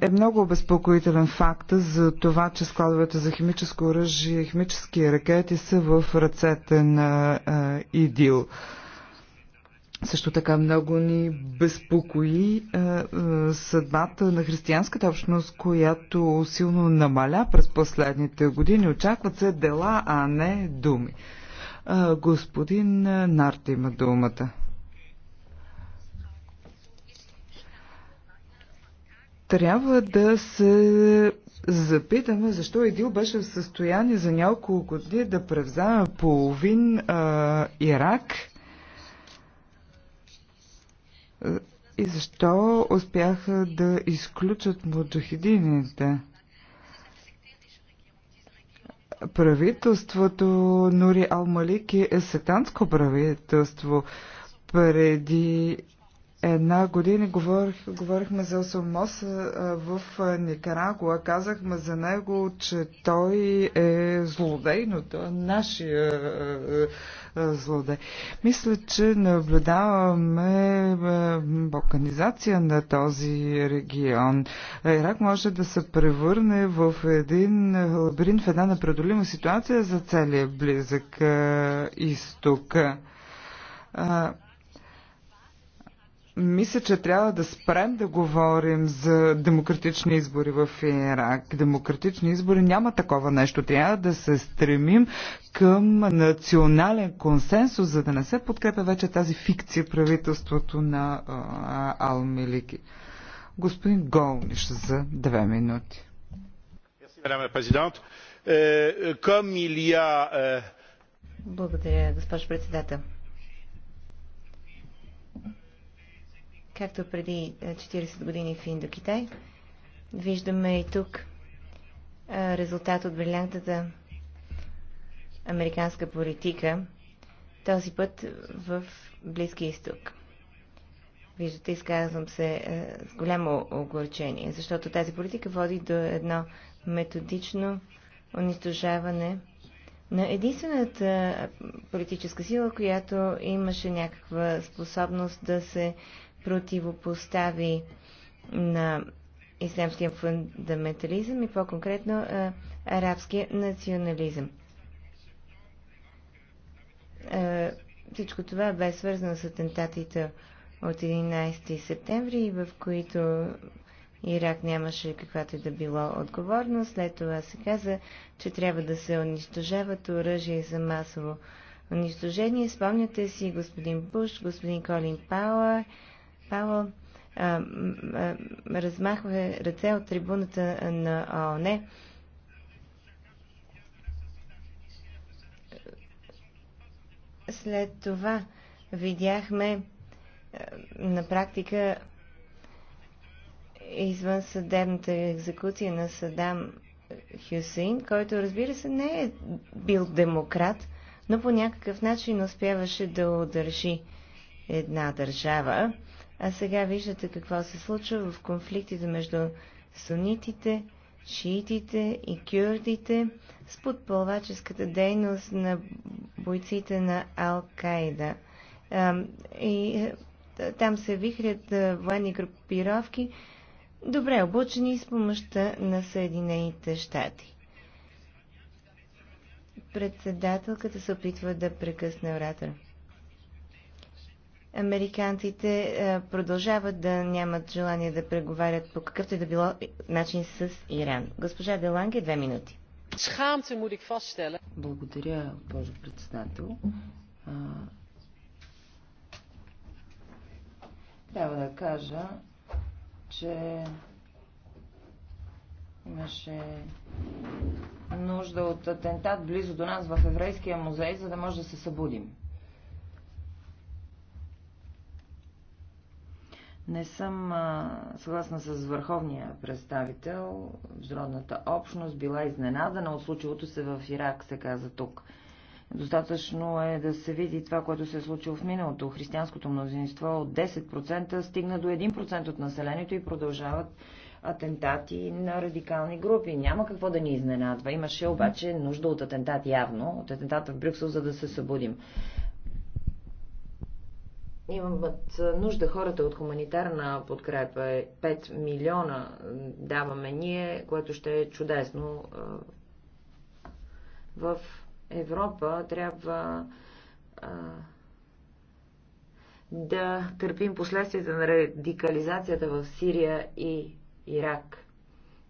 е много обезпокоителен факт за това, че складовете за химическо оръжие и химически ракети са в ръцете на ИДИЛ. Също така много ни безпокои съдбата на християнската общност, която силно намаля през последните години. Очакват се дела, а не думи. господин Нарта има думата. трябва да се запитаме защо Идил беше в състояние за няколко години да превземе половин а, Ирак и защо успяха да изключат муджахидините. Правителството Нури Алмалики е сатанско правителство. Преди една година говорих, говорихме за Осомос в Никарагуа. Казахме за него, че той е злодей, но той е нашия злодей. Мисля, че наблюдаваме балканизация на този регион. Ирак може да се превърне в един лабиринт, в една непредолима ситуация за целия близък изток. Мисля, че трябва да спрем да говорим за демократични избори в Ирак. Демократични избори няма такова нещо. Трябва да се стремим към национален консенсус, за да не се подкрепя вече тази фикция правителството на Алмелики. Господин Голниш за две минути. Е, е, е, Благодаря, госпожо председател. както преди 40 е, години в Индокитай. Виждаме и тук е, резултат от брилянтната американска политика, този път в Близкия изток. Виждате, изказвам се е, с голямо огорчение, защото тази политика води до едно методично унищожаване на единствената политическа сила, която имаше някаква способност да се противопостави на ислямския фундаментализъм и по-конкретно арабския национализъм. А, всичко това бе свързано с атентатите от 11 септември, в които Ирак нямаше каквато и да било отговорност. След това се каза, че трябва да се унищожават оръжия за масово унищожение. Спомняте си господин Буш, господин Колин Пауър, Павел размахва ръце от трибуната на ООН. След това видяхме на практика извън съдебната екзекуция на Садам Хюсейн, който разбира се не е бил демократ, но по някакъв начин успяваше да удържи една държава а сега виждате какво се случва в конфликтите между сунитите, шиитите и кюрдите с подпълваческата дейност на бойците на Ал-Каида. И е, там се вихрят е, военни групировки, добре обучени с помощта на Съединените щати. Председателката се опитва да прекъсне оратора американците е, продължават да нямат желание да преговарят по какъвто и да било начин с Иран. Госпожа Деланге, две минути. Благодаря, госпожо председател. Трябва да кажа, че имаше нужда от атентат близо до нас в Еврейския музей, за да може да се събудим. Не съм а, съгласна с върховния представител. Международната общност била изненадана от случилото се в Ирак, се каза тук. Достатъчно е да се види това, което се е случило в миналото. Християнското мнозинство от 10% стигна до 1% от населението и продължават атентати на радикални групи. Няма какво да ни изненадва. Имаше обаче нужда от атентат явно, от атентата в Брюксел, за да се събудим имат нужда хората от хуманитарна подкрепа. 5 милиона даваме ние, което ще е чудесно. В Европа трябва да търпим последствията на радикализацията в Сирия и Ирак.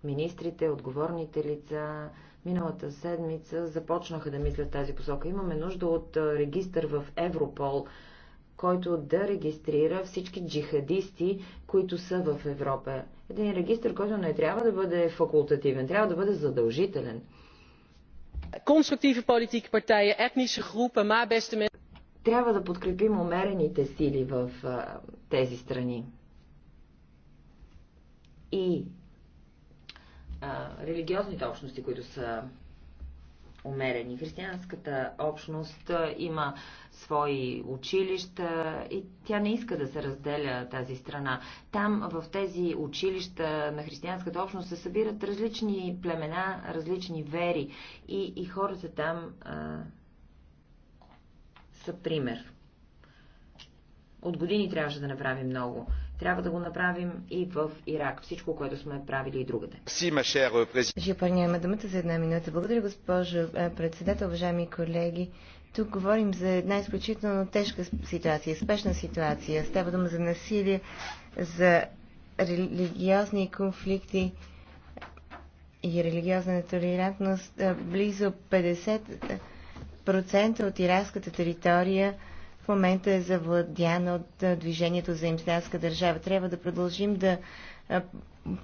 Министрите, отговорните лица, миналата седмица започнаха да мислят тази посока. Имаме нужда от регистър в Европол, който да регистрира всички джихадисти, които са в Европа. Един регистр, който не трябва да бъде факултативен, трябва да бъде задължителен. Конструктиви политики партии, етнически групи, ма бесте мен... Трябва да подкрепим умерените сили в а, тези страни. И а, религиозните общности, които са умерени. Християнската общност има свои училища и тя не иска да се разделя тази страна. Там в тези училища на християнската общност се събират различни племена, различни вери и, и хората там а, са пример. От години трябваше да направим много. Трябва да го направим и в Ирак. Всичко, което сме правили и другата. Жопарния има думата за една минута. Благодаря, госпожо е, председател, уважаеми колеги. Тук говорим за една изключително тежка ситуация, спешна ситуация. Става дума за насилие, за религиозни конфликти и религиозна нетолерантност. Е, близо 50% от иракската територия в момента е завладяна от движението за имслямска държава. Трябва да продължим да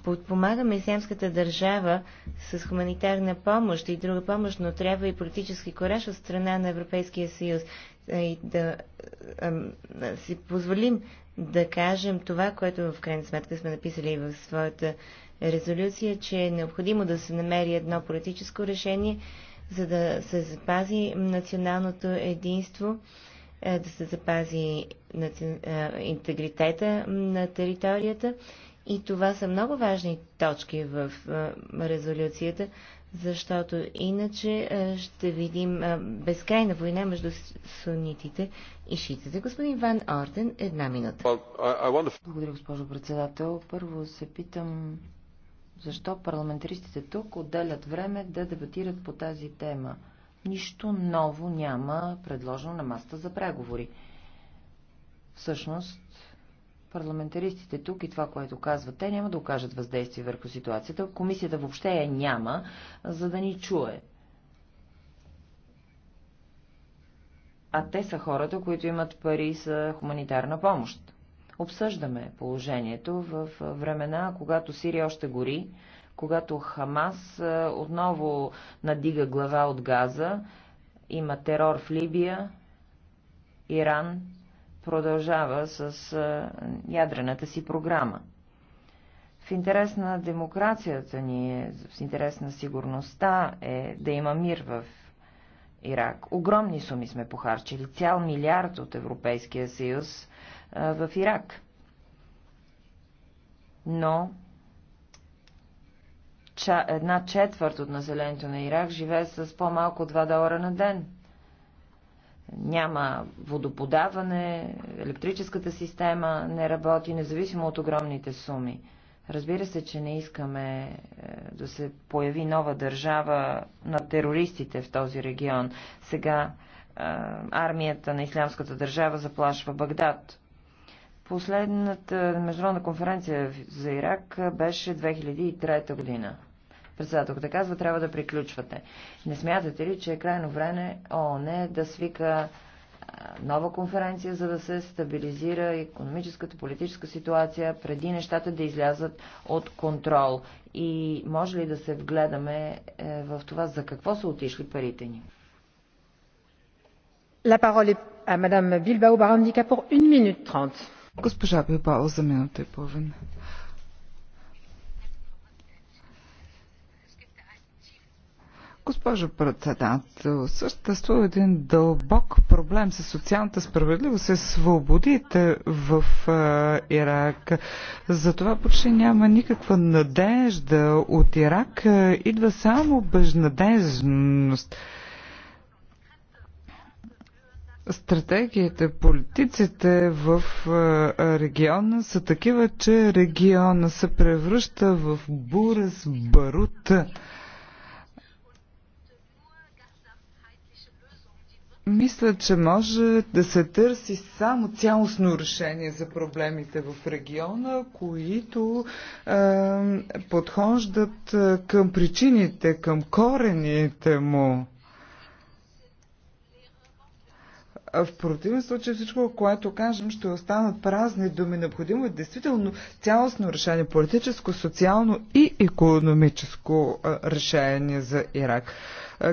подпомагаме Исламската държава с хуманитарна помощ и друга помощ, но трябва и политически кораж от страна на Европейския съюз и да а, а, си позволим да кажем това, което в крайна сметка сме написали и в своята резолюция, че е необходимо да се намери едно политическо решение, за да се запази националното единство е, да се запази е, интегритета на територията. И това са много важни точки в е, резолюцията, защото иначе ще видим безкрайна война между сунитите и шиците. Господин Ван Орден, една минута. Благодаря, госпожо председател. Първо се питам защо парламентаристите тук отделят време да дебатират по тази тема нищо ново няма предложено на маста за преговори. Всъщност, парламентаристите тук и това, което казват, те няма да окажат въздействие върху ситуацията. Комисията въобще я няма, за да ни чуе. А те са хората, които имат пари за хуманитарна помощ. Обсъждаме положението в времена, когато Сирия още гори, когато Хамас отново надига глава от Газа. Има терор в Либия, Иран продължава с ядрената си програма. В интерес на демокрацията ни, е, в интерес на сигурността е да има мир в Ирак. Огромни суми сме похарчили, цял милиард от Европейския съюз в Ирак. Но ча, една четвърт от населението на Ирак живее с по-малко 2 долара на ден. Няма водоподаване, електрическата система не работи, независимо от огромните суми. Разбира се, че не искаме е, да се появи нова държава на терористите в този регион. Сега е, армията на Ислямската държава заплашва Багдад. Последната международна конференция за Ирак беше 2003 година. Председателката казва, трябва да приключвате. Не смятате ли, че е крайно време ООН да свика нова конференция, за да се стабилизира економическата, политическа ситуация, преди нещата да излязат от контрол. И може ли да се вгледаме е, в това, за какво са отишли парите ни? La parole est à Madame Bilbao Barandica pour 1 minute 30. Госпожа Бибало за минута и половина. Госпожо председател, съществува един дълбок проблем с социалната справедливост и свободите в Ирак. Затова почти няма никаква надежда от Ирак. Идва само безнадежност стратегията, политиците в региона са такива, че региона се превръща в бура с барута. Мисля, че може да се търси само цялостно решение за проблемите в региона, които е, подхождат към причините, към корените му. В противен случай всичко, което кажем, ще останат празни думи. Необходимо е действително цялостно решение, политическо, социално и економическо решение за Ирак.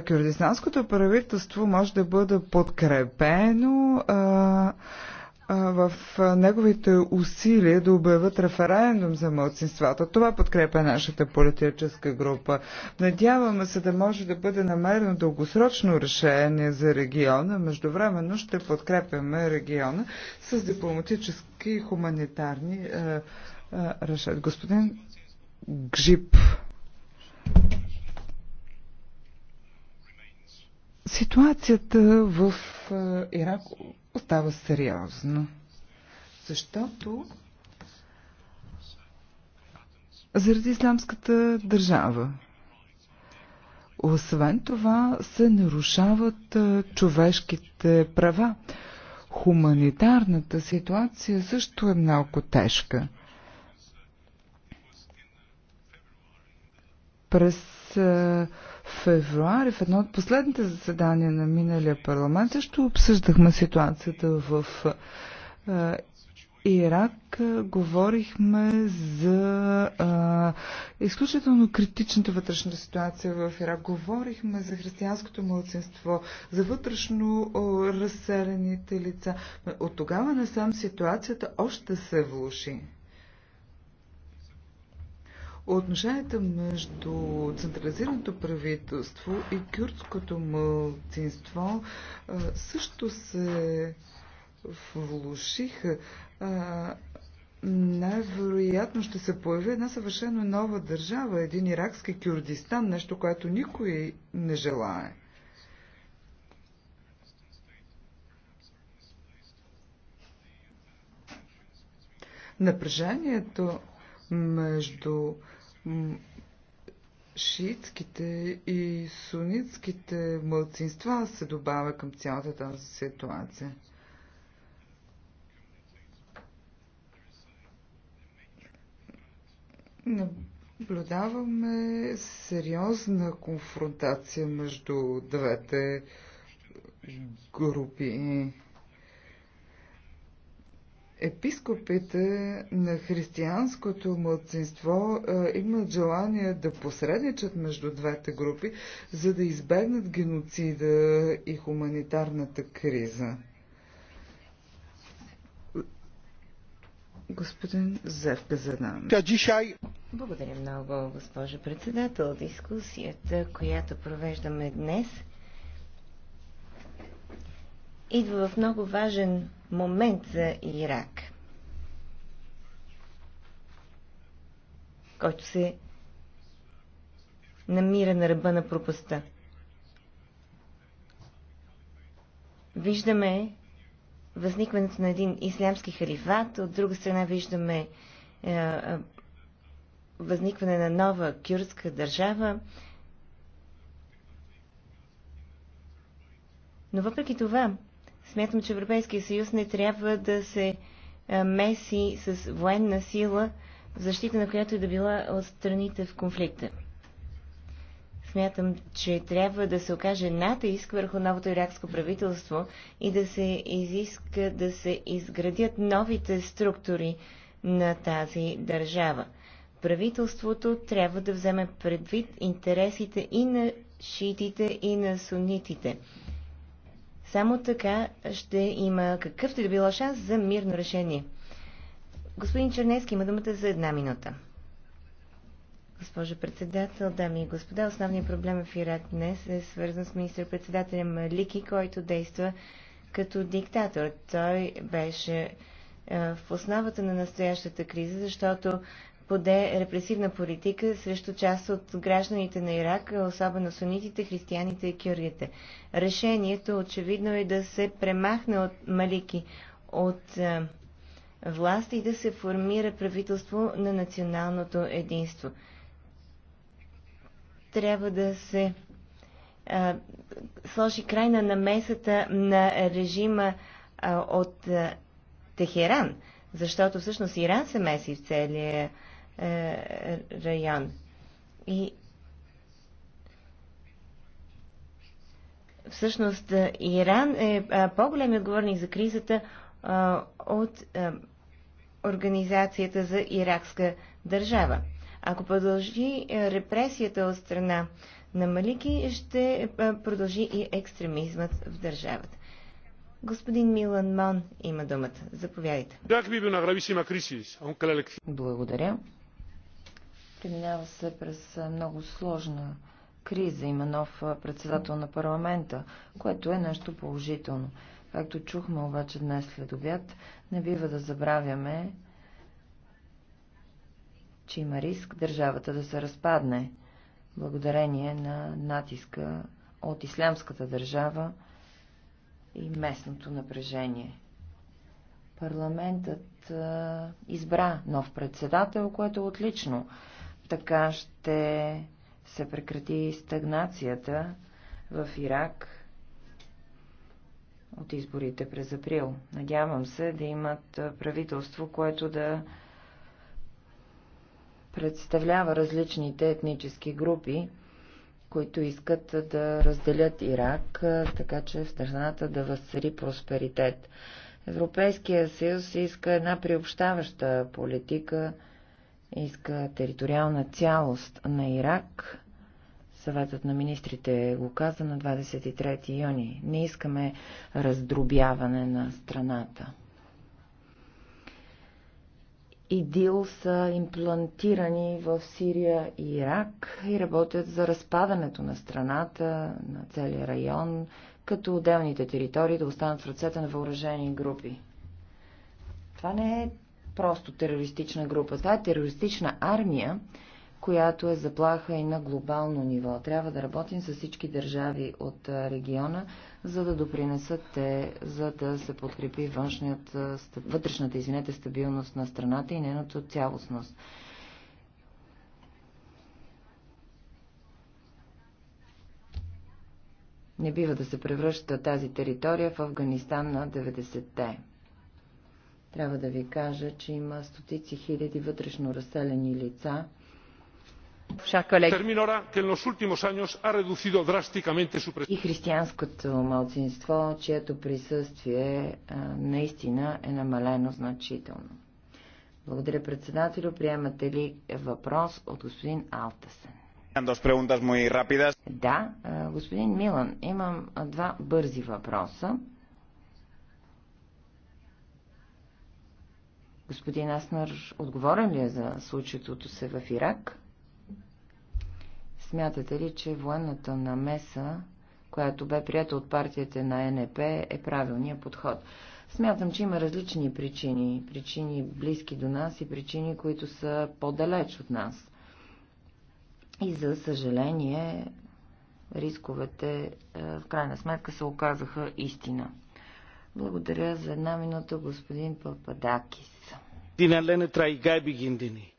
Кюрдистанското правителство може да бъде подкрепено в неговите усилия да обявят референдум за младсинствата. Това подкрепя нашата политическа група. Надяваме се да може да бъде намерено дългосрочно решение за региона. Междувременно ще подкрепяме региона с дипломатически и хуманитарни е, е, решения. Господин Гжип. Ситуацията в Ирак остава сериозно. Защото заради ислямската държава. Освен това се нарушават човешките права. Хуманитарната ситуация също е много тежка. През февруари, в едно от последните заседания на миналия парламент, също обсъждахме ситуацията в Ирак говорихме за а, изключително критичната вътрешна ситуация в Ирак. Говорихме за християнското младсинство, за вътрешно разселените лица. От тогава насам ситуацията още се влуши. Отношенията между централизираното правителство и кюртското мълцинство също се влушиха. Най-вероятно ще се появи една съвършено нова държава, един иракски Кюрдистан, нещо, което никой не желае. Напрежението между шиитските и сунитските мълцинства се добавя към цялата тази ситуация. Наблюдаваме сериозна конфронтация между двете групи епископите на християнското младсинство е, имат желание да посредничат между двете групи, за да избегнат геноцида и хуманитарната криза. господин Зев Газанан. Благодаря много, госпожо председател. Дискусията, която провеждаме днес, идва в много важен момент за Ирак, който се намира на ръба на пропаста. Виждаме възникването на един ислямски халифат, от друга страна виждаме е, е възникване на нова кюрдска държава. Но въпреки това, Смятам, че Европейския съюз не трябва да се меси с военна сила, защита на която е да била от страните в конфликта. Смятам, че трябва да се окаже натиск върху новото иракско правителство и да се изиска да се изградят новите структури на тази държава. Правителството трябва да вземе предвид интересите и на шиитите, и на сунитите. Само така ще има какъвто и да било шанс за мирно решение. Господин Чернески има думата за една минута. Госпожо председател, дами и господа, основният проблем в Ирак днес е свързан с министър-председателя Малики, който действа като диктатор. Той беше е, в основата на настоящата криза, защото поде репресивна политика срещу част от гражданите на Ирак, особено сунитите, християните и кюргите. Решението очевидно е да се премахне от Малики от е, власт и да се формира правителство на националното единство. Трябва да се е, сложи край на намесата на режима е, от Техеран, защото всъщност Иран се меси в целия е, е, район. И всъщност е, Иран е по-голям отговорник за кризата от Организацията за иракска държава. Ако продължи репресията от страна на Малики, ще продължи и екстремизмът в държавата. Господин Милан Мон има думата. Заповядайте. Благодаря. Преминава се през много сложна криза. Има нов председател на парламента, което е нещо положително. Както чухме обаче днес след обяд, не бива да забравяме, че има риск държавата да се разпадне, благодарение на натиска от ислямската държава и местното напрежение. Парламентът избра нов председател, което е отлично. Така ще се прекрати стагнацията в Ирак от изборите през април. Надявам се да имат правителство, което да представлява различните етнически групи, които искат да разделят Ирак, така че в страната да възцари просперитет. Европейския съюз иска една приобщаваща политика, иска териториална цялост на Ирак. Съветът на министрите го каза на 23 юни. Не искаме раздробяване на страната. ИДИЛ са имплантирани в Сирия и Ирак и работят за разпадането на страната, на целия район, като отделните територии да останат в ръцете на въоръжени групи. Това не е просто терористична група. Това е терористична армия, която е заплаха и на глобално ниво. Трябва да работим с всички държави от региона, за да допринесат те, за да се подкрепи външният, вътрешната извинете, стабилност на страната и нейната цялостност. Не бива да се превръща тази територия в Афганистан на 90-те. Трябва да ви кажа, че има стотици хиляди вътрешно разселени лица. И християнското малцинство, чието присъствие е, наистина е намалено значително. Благодаря председателю. Приемате ли въпрос от господин Алтасен? Да, е, господин Милан, имам два бързи въпроса. Господин Аснар, отговорен ли е за случитото се в Ирак? Смятате ли, че военната намеса, която бе прията от партията на НП, е правилният подход? Смятам, че има различни причини. Причини близки до нас и причини, които са по-далеч от нас. И за съжаление, рисковете е, в крайна сметка се оказаха истина. Благодаря за една минута, господин Пападакис. Την Ελένη τραγικά επικίνδυνη.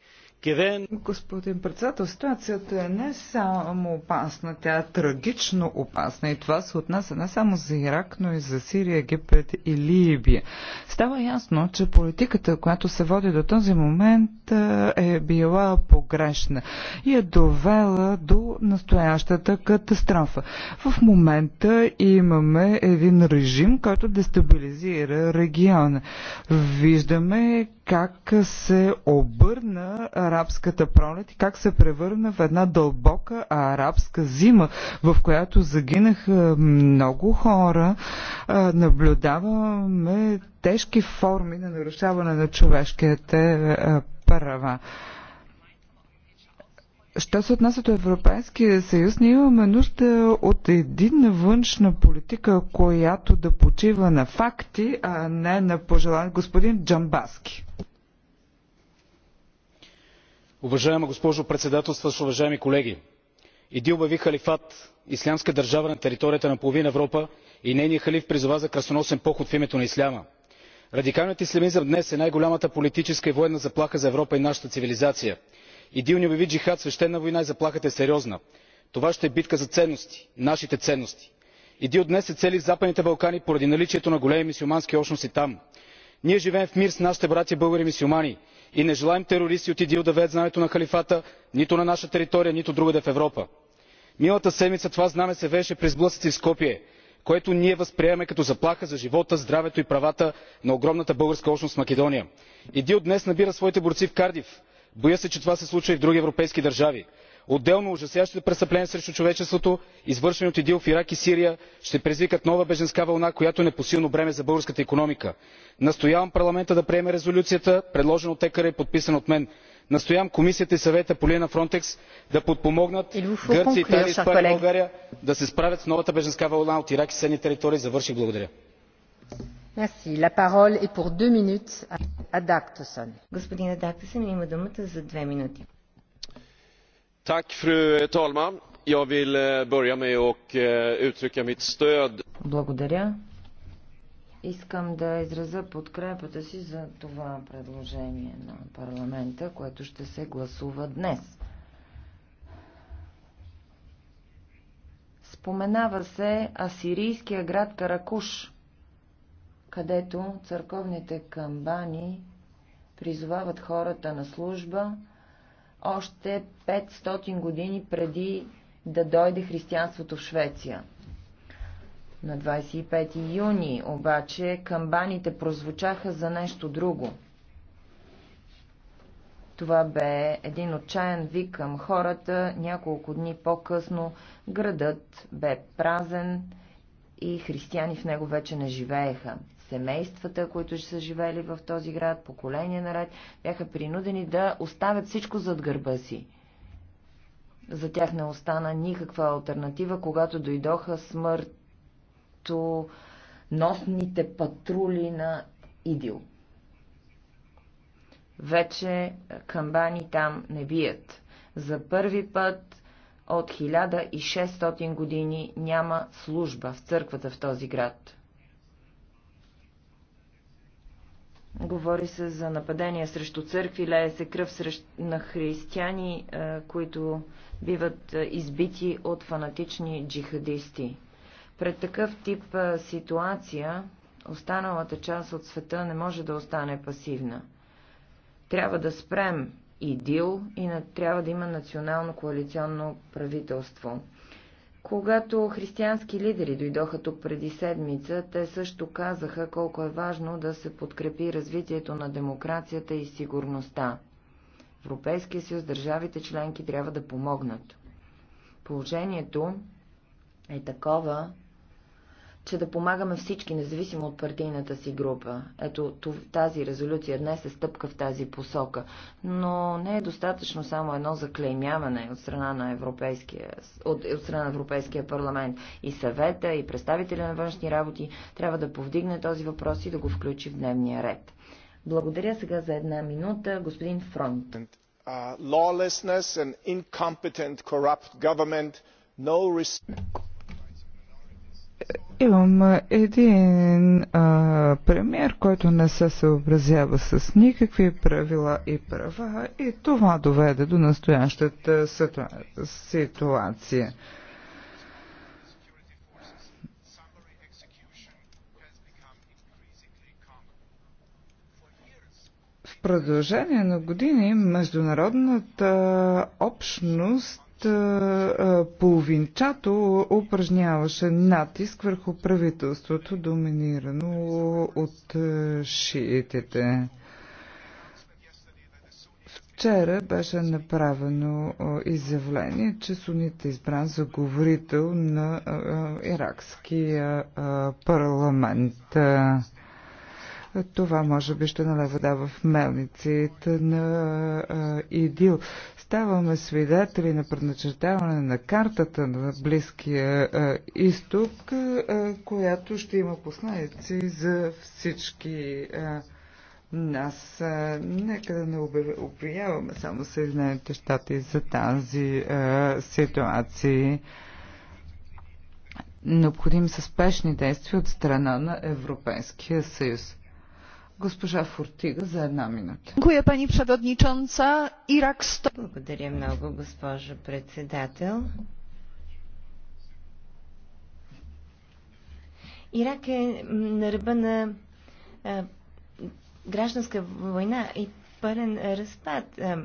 Господин председател, ситуацията е не само опасна, тя е трагично опасна и това се отнася не само за Ирак, но и за Сирия, Египет и Либия. Става ясно, че политиката, която се води до този момент е, е била погрешна и е довела до настоящата катастрофа. В момента имаме един режим, който дестабилизира региона. Виждаме как се обърна арабската пролет и как се превърна в една дълбока арабска зима, в която загинаха е, много хора. Е, наблюдаваме тежки форми на нарушаване на човешките е, права. Що се отнася до Европейския съюз, ние имаме нужда от единна външна политика, която да почива на факти, а не на пожелание Господин Джамбаски. Уважаема госпожо председателство, уважаеми колеги! идил обяви халифат ислямска държава на територията на половина европа и нейният халиф призова за красоносен поход в името на исляма. радикалният ислямизъм днес е най голямата политическа и военна заплаха за европа и нашата цивилизация идилният обяви джихад свещена война и заплахата е сериозна. това ще е битка за ценности нашите ценности. идил днес се цели в западните балкани поради наличието на големи мюсюлмански общности там. ние живеем в мир с нашите братя българи мюсюлмани и не желаем терористи от идил да веят знамето на халифата нито на наша територия нито другаде в европа. миналата седмица това знаме се вееше при сблъсъци в скопие което ние възприемаме като заплаха за живота здравето и правата на огромната българска общност в македония. идил днес набира своите борци в кардиф боя се че това се случва и в други европейски държави. отделно ужасяващите престъпления срещу човечеството извършени от идил в ирак и сирия ще предизвикат нова бежанска вълна която е непосилно бреме за българската икономика. настоявам парламентът да приеме резолюцията предложена от екr и подписана от мен. настоявам комисията и съветът по линия на фронтекс да подпомогнат гърция италия испания и българя да се справят с новата бежанска вълна от ирак и съседни територии. благодаря fru talman! Jag vill eh, börja med att eh, uttrycka mitt stöd. Благодаря. Искам да изразя подкрепата си за това предложение на парламента, което ще се гласува днес. Споменава се асирийския град Каракуш където църковните камбани призовават хората на служба още 500 години преди да дойде християнството в Швеция. На 25 юни обаче камбаните прозвучаха за нещо друго. Това бе един отчаян вик към хората. Няколко дни по-късно градът бе празен и християни в него вече не живееха семействата, които ще са живели в този град, поколения наред, бяха принудени да оставят всичко зад гърба си. За тях не остана никаква альтернатива, когато дойдоха смъртоносните патрули на Идил. Вече камбани там не бият. За първи път от 1600 години няма служба в църквата в този град. Говори се за нападения срещу църкви, лее се кръв срещ... на християни, е, които биват е, избити от фанатични джихадисти. Пред такъв тип е, ситуация останалата част от света не може да остане пасивна. Трябва да спрем ИДИЛ и трябва да има национално коалиционно правителство. Когато християнски лидери дойдоха тук преди седмица, те също казаха колко е важно да се подкрепи развитието на демокрацията и сигурността. Европейския съюз, държавите членки трябва да помогнат. Положението е такова, че да помагаме всички, независимо от партийната си група. Ето тази резолюция днес е стъпка в тази посока. Но не е достатъчно само едно заклеймяване от страна на Европейския, от, от страна на Европейския парламент. И съвета, и представителя на външни работи трябва да повдигне този въпрос и да го включи в дневния ред. Благодаря сега за една минута, господин Фронт. Uh, lawlessness and incompetent corrupt government, no Имам един а, премьер, който не се съобразява с никакви правила и права и това доведе до настоящата ситуация. В продължение на години международната общност половинчато упражняваше натиск върху правителството, доминирано от шиитите. Вчера беше направено изявление, че Сунит е избран за говорител на иракския парламент. Това може би ще налева да в мелниците на ИДИЛ. Ставаме свидетели на предначертаване на картата на Близкия изток, която ще има последици за всички нас. Нека да не обвиняваме само Съединените щати за тази ситуация. Необходим са спешни действия от страна на Европейския съюз. Госпожа Фортига за една минута. Благодаря, пани Ирак 100... Благодаря много, госпожа председател. Ирак е на ръба на а, гражданска война и пълен разпад. А,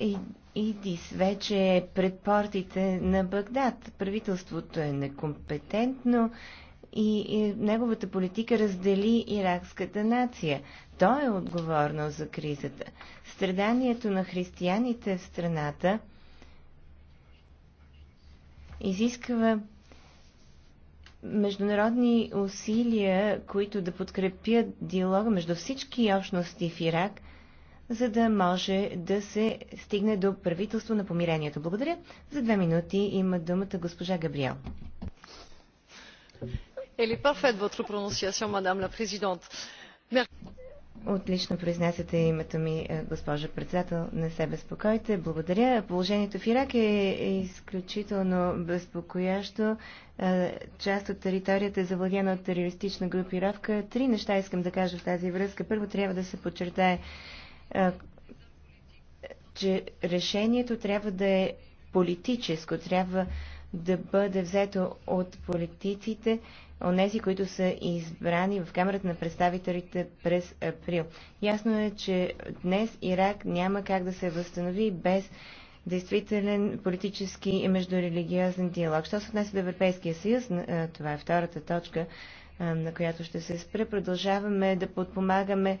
и, ИДИС вече е пред портите на Багдад. Правителството е некомпетентно и неговата политика раздели иракската нация. Той е отговорно за кризата. Страданието на християните в страната изисква международни усилия, които да подкрепят диалога между всички общности в Ирак, за да може да се стигне до правителство на помирението. Благодаря. За две минути има думата госпожа Габриел. Отлично произнасяте името ми, е, госпожа председател. Не се безпокойте. Благодаря. Положението в Ирак е, е изключително безпокоящо. Е, част от територията е завладена от терористична групировка. Три неща искам да кажа в тази връзка. Първо трябва да се подчертае, че решението трябва да е политическо. Трябва да бъде взето от политиците онези, които са избрани в Камерата на представителите през април. Ясно е, че днес Ирак няма как да се възстанови без действителен политически и междурелигиозен диалог. Що се отнесе до Европейския съюз, това е втората точка, на която ще се спре, продължаваме да подпомагаме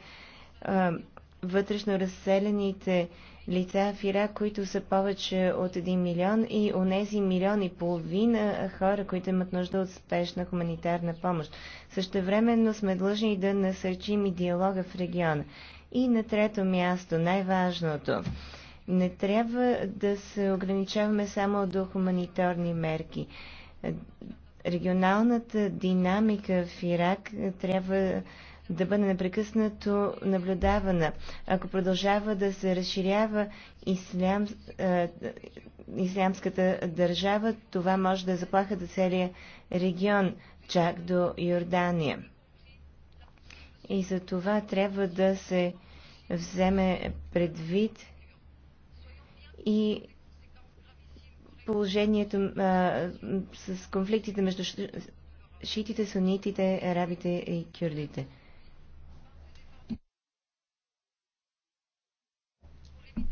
вътрешно разселените лица в Ирак, които са повече от 1 милион и онези милион и половина хора, които имат нужда от спешна хуманитарна помощ. Същевременно сме длъжни да насърчим и диалога в региона. И на трето място, най-важното. Не трябва да се ограничаваме само до хуманитарни мерки. Регионалната динамика в Ирак трябва да бъде непрекъснато наблюдавана. Ако продължава да се разширява ислям, е, ислямската държава, това може да заплаха за целия регион, чак до Йордания. И за това трябва да се вземе предвид и положението а, е, с конфликтите между шиитите, сунитите, арабите и кюрдите.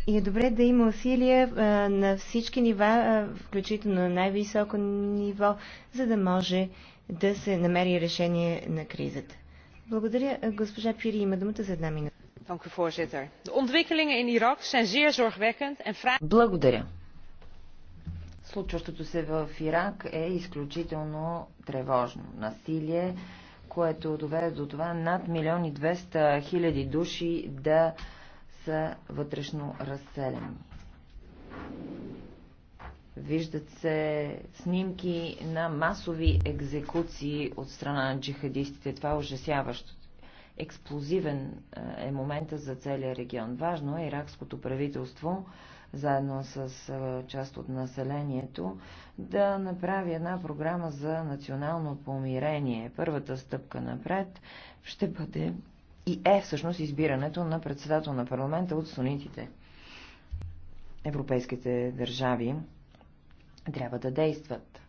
И е добре да има усилия а, на всички нива, а, включително на най-високо ниво, за да може да се намери решение на кризата. Благодаря. Госпожа Пири има думата за една минута. Благодаря. Случващото се в Ирак е изключително тревожно. Насилие, което доведе до това над милиони 200 хиляди души да са вътрешно разселени. Виждат се снимки на масови екзекуции от страна на джихадистите. Това е ужасяващо. Експлозивен е, е момента за целия регион. Важно е иракското правителство, заедно с е, част от населението, да направи една програма за национално помирение. Първата стъпка напред ще бъде и е всъщност избирането на председател на парламента от сунитите. Европейските държави трябва да действат.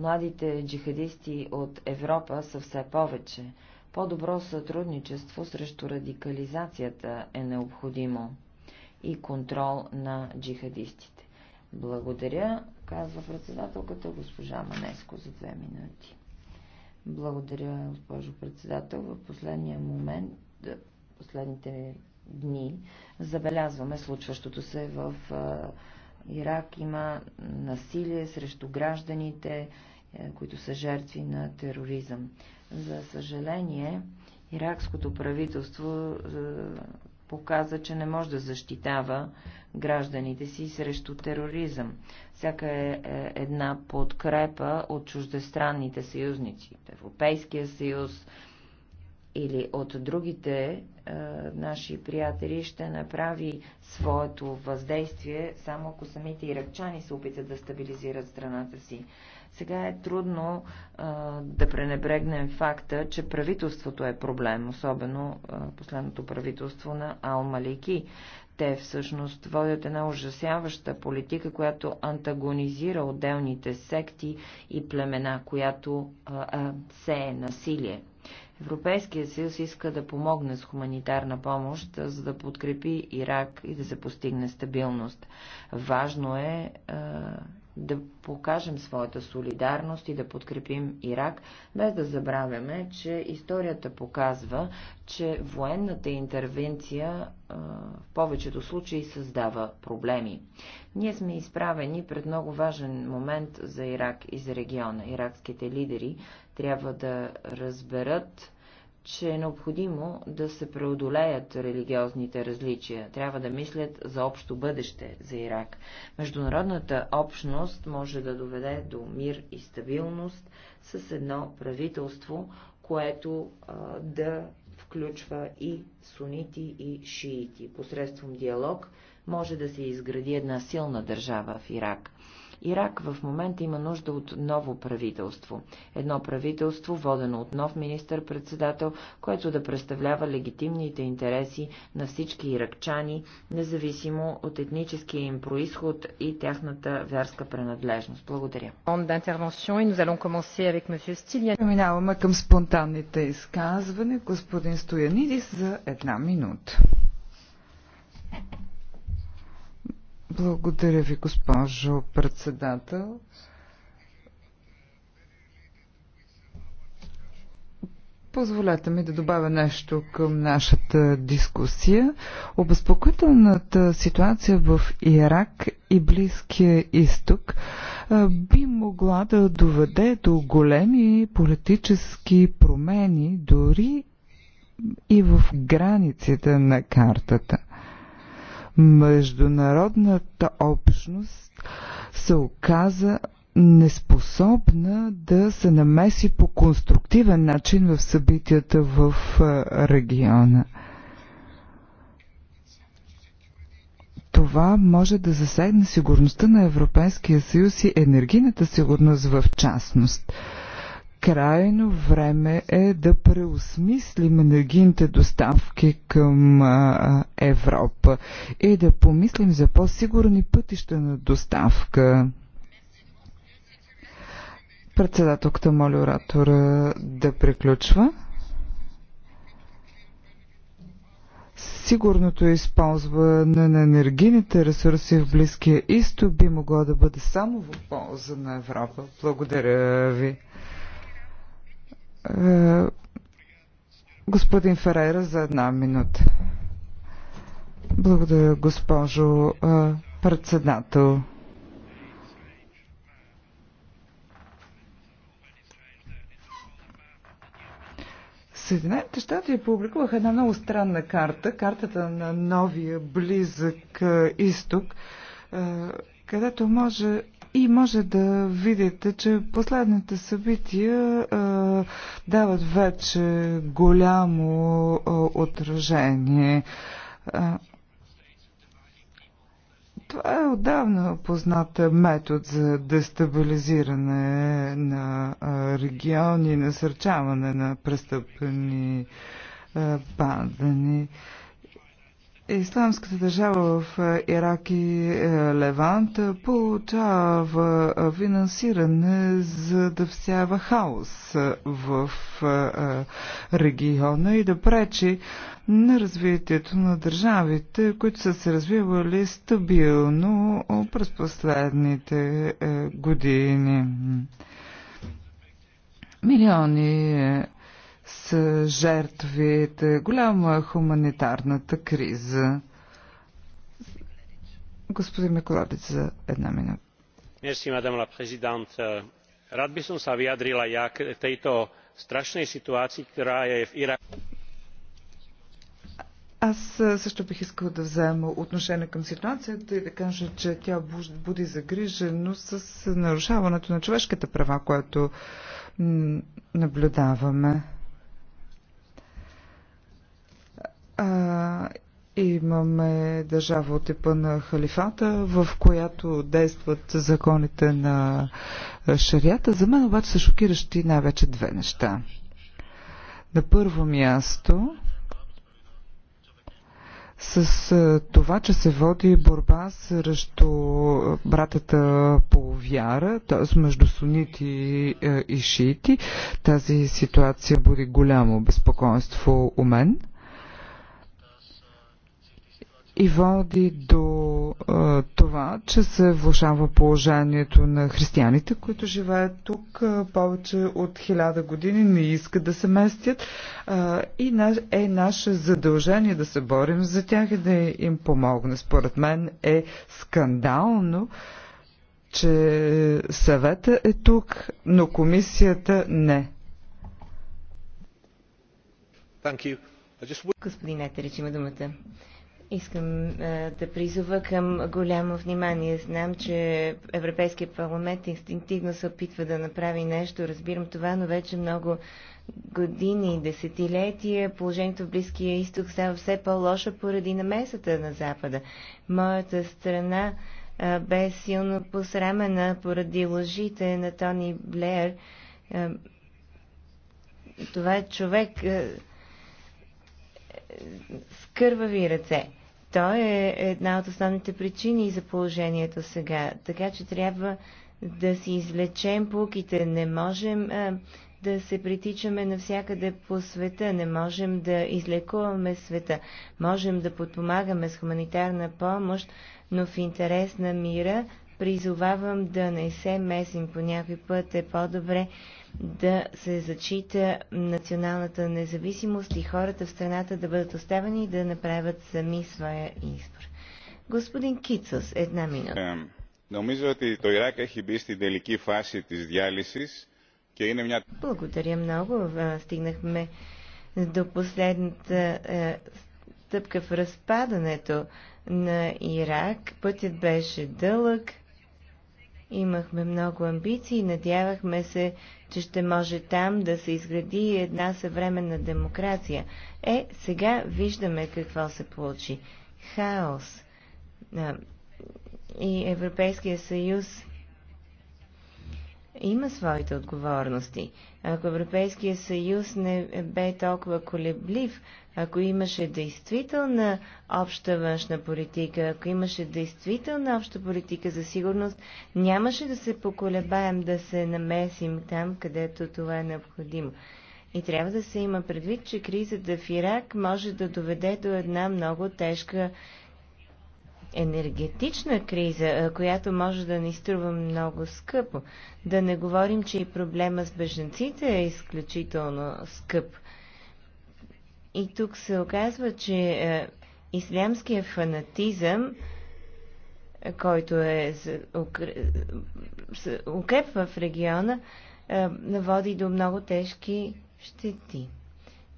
Младите джихадисти от Европа са все повече. По-добро сътрудничество срещу радикализацията е необходимо и контрол на джихадистите. Благодаря, казва председателката госпожа Манеско за две минути. Благодаря, госпожо председател. В последния момент, последните дни, забелязваме случващото се в Ирак. Има насилие срещу гражданите, е, които са жертви на тероризъм. За съжаление, иракското правителство е, показа, че не може да защитава гражданите си срещу тероризъм. Всяка е, е една подкрепа от чуждестранните съюзници, от Европейския съюз или от другите е, наши приятели, ще направи своето въздействие, само ако самите иракчани се опитат да стабилизират страната си. Сега е трудно а, да пренебрегнем факта, че правителството е проблем, особено а, последното правителство на Ал-Малики. Те всъщност водят една ужасяваща политика, която антагонизира отделните секти и племена, която а, а, е насилие. Европейския съюз иска да помогне с хуманитарна помощ, за да подкрепи Ирак и да се постигне стабилност. Важно е да покажем своята солидарност и да подкрепим Ирак, без да забравяме, че историята показва, че военната интервенция в повечето случаи създава проблеми. Ние сме изправени пред много важен момент за Ирак и за региона. Иракските лидери трябва да разберат, че е необходимо да се преодолеят религиозните различия. Трябва да мислят за общо бъдеще за Ирак. Международната общност може да доведе до мир и стабилност с едно правителство, което а, да включва и сунити, и шиити. Посредством диалог може да се изгради една силна държава в Ирак. Ирак в момента има нужда от ново правителство. Едно правителство, водено от нов министър-председател, което да представлява легитимните интереси на всички иракчани, независимо от етническия им происход и тяхната вярска принадлежност. Благодаря. Преминаваме към спонтанните изказвания. Господин Стоянидис за една минута. Благодаря ви, госпожо председател. Позволете ми да добавя нещо към нашата дискусия. Обезпокоителната ситуация в Ирак и Близкия изток би могла да доведе до големи политически промени, дори и в границите на картата. Международната общност се оказа неспособна да се намеси по конструктивен начин в събитията в региона. Това може да засегне сигурността на Европейския съюз и енергийната сигурност в частност. Крайно време е да преосмислим енергийните доставки към а, Европа и да помислим за по-сигурни пътища на доставка. Председателката моля оратора да приключва. сигурното използване на енергийните ресурси в Близкия изток би могло да бъде само в полза на Европа. Благодаря ви. Е, господин Ферейра за една минута. Благодаря, госпожо е, председател. Съединените щати публикуваха една много странна карта, картата на новия близък е, изток, където може и може да видите, че последните събития а, дават вече голямо а, отражение. А, това е отдавна позната метод за дестабилизиране на региони, насърчаване на престъпни падани. Исламската държава в е, Ирак и е, Левант получава е, финансиране за да всява хаос в региона и да пречи на развитието на държавите, които са се развивали стабилно през последните години. Милиони с жертвите. Голяма е хуманитарната криза. Господин Миколадец за една минута. Мерси, мадам ла президент. Rád by som sa vyjadrila я к tejto strašnej situácii, ktorá е в Ирак. Аз също бих искала да взема отношение към ситуацията и да кажа, че тя буди загрижено с нарушаването на човешките права, което наблюдаваме. А, имаме държава от типа на халифата, в която действат законите на шарията. За мен обаче са шокиращи най-вече две неща. На първо място с това, че се води борба срещу братата по вяра, т.е. между сунити и шиити. Тази ситуация буди голямо безпокойство у мен – и води до а, това, че се влушава положението на християните, които живеят тук а, повече от хиляда години, не искат да се местят а, и на, е наше задължение да се борим за тях и да им помогне. Според мен е скандално, че съвета е тук, но комисията не. Господин Етерич има думата. Искам а, е, да призова към голямо внимание. Знам, че Европейския парламент инстинктивно се опитва да направи нещо. Разбирам това, но вече много години, десетилетия положението в Близкия изток става все по-лошо поради намесата на Запада. Моята страна а, е, бе силно посрамена поради лъжите на Тони Блеер. А, е, това е човек а, с кървави ръце. Той е една от основните причини за положението сега. Така че трябва да си извлечем пуките. Не можем а, да се притичаме навсякъде по света. Не можем да излекуваме света. Можем да подпомагаме с хуманитарна помощ, но в интерес на мира призовавам да не се месим. По някой път е по-добре да се зачита националната независимост и хората в страната да бъдат оставени и да направят сами своя избор. Господин Кицос, една минута. Е, Νομίζω ότι το Ιράκ έχει μπει στην τελική φάση της διάλυσης και είναι μια... Благодаря много. Е, стигнахме до последната е, стъпка в разпадането на Ирак. Пътят беше дълъг Имахме много амбиции, надявахме се, че ще може там да се изгради една съвременна демокрация. Е, сега виждаме какво се получи. Хаос. И Европейския съюз има своите отговорности. Ако Европейския съюз не бе толкова колеблив, ако имаше действителна обща външна политика, ако имаше действителна обща политика за сигурност, нямаше да се поколебаем да се намесим там, където това е необходимо. И трябва да се има предвид, че кризата в Ирак може да доведе до една много тежка енергетична криза, която може да ни струва много скъпо. Да не говорим, че и проблема с беженците е изключително скъп. И тук се оказва, че ислямския фанатизъм, който е, укреп в региона, води до много тежки щети.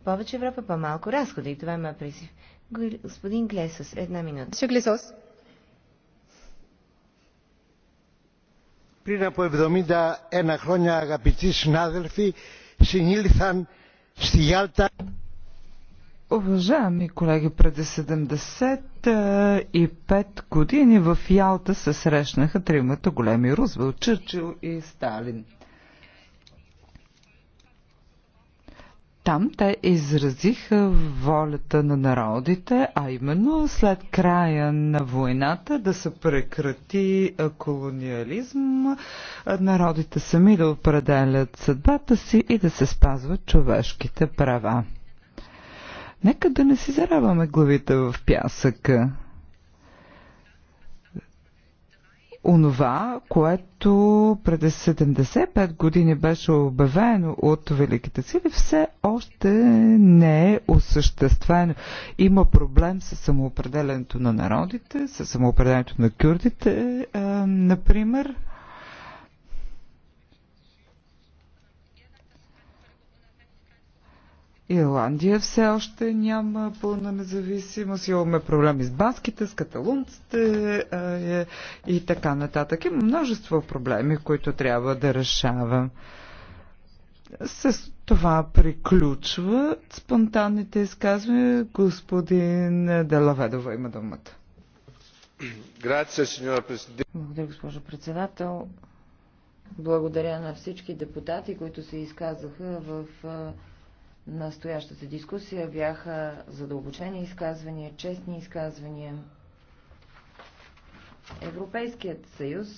Повече Европа, по-малко разходи. И това има призив. Господин Глесос, една минута. Господин Глесос. πριν από εβδομήντα ένα χρόνια αγαπητοί συνάδελφοι συνήλθαν στη Γιάλτα. Уважаеми колеги, преди 75 е, години в Ялта се срещнаха тримата големи Рузвел, Чърчил и Сталин. Там те изразиха волята на народите, а именно след края на войната да се прекрати колониализм, народите сами да определят съдбата си и да се спазват човешките права. Нека да не си зараваме главите в пясъка. онова, което преди 75 години беше обявено от Великите сили, все още не е осъществено. Има проблем с самоопределенето на народите, с самоопределенето на кюрдите, е, например. Ирландия все още няма пълна независимост. Имаме проблеми с баските, с каталунците е, и така нататък. Има множество проблеми, които трябва да решавам. С това приключват спонтанните изказвания. Господин Делаведова има думата. Благодаря, госпожо председател. Благодаря на всички депутати, които се изказаха в настоящата дискусия бяха задълбочени изказвания, честни изказвания. Европейският съюз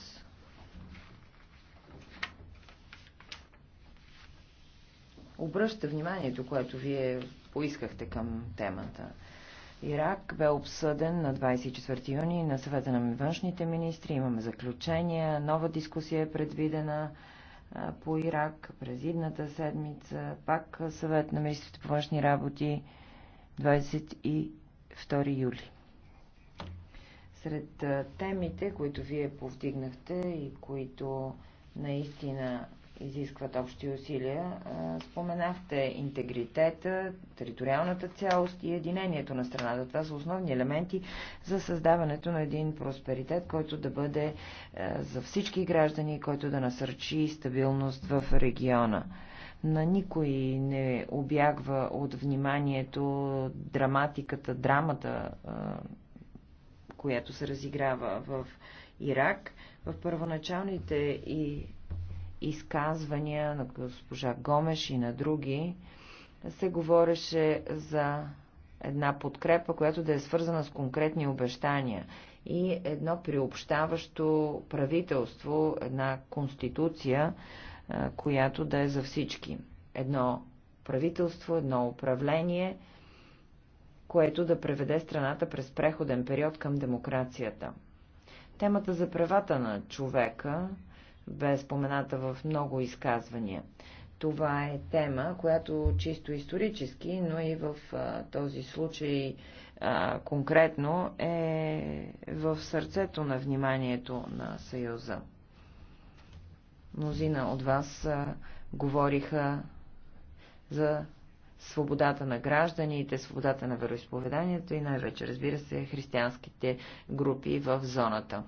обръща вниманието, което вие поискахте към темата. Ирак бе обсъден на 24 юни на съвета на външните министри. Имаме заключения, нова дискусия е предвидена по Ирак през идната седмица, пак съвет на министрите по външни работи 22 юли. Сред темите, които вие повдигнахте и които наистина изискват общи усилия. Споменахте интегритета, териториалната цялост и единението на страната. Това са основни елементи за създаването на един просперитет, който да бъде за всички граждани, който да насърчи стабилност в региона на никой не обягва от вниманието драматиката, драмата, която се разиграва в Ирак. В първоначалните и изказвания на госпожа Гомеш и на други се говореше за една подкрепа, която да е свързана с конкретни обещания и едно приобщаващо правителство, една конституция, която да е за всички. Едно правителство, едно управление, което да преведе страната през преходен период към демокрацията. Темата за правата на човека бе спомената в много изказвания. Това е тема, която чисто исторически, но и в а, този случай а, конкретно е в сърцето на вниманието на Съюза. Мнозина от вас а, говориха за свободата на гражданите, свободата на вероисповеданието и най-вече, разбира се, християнските групи в зоната.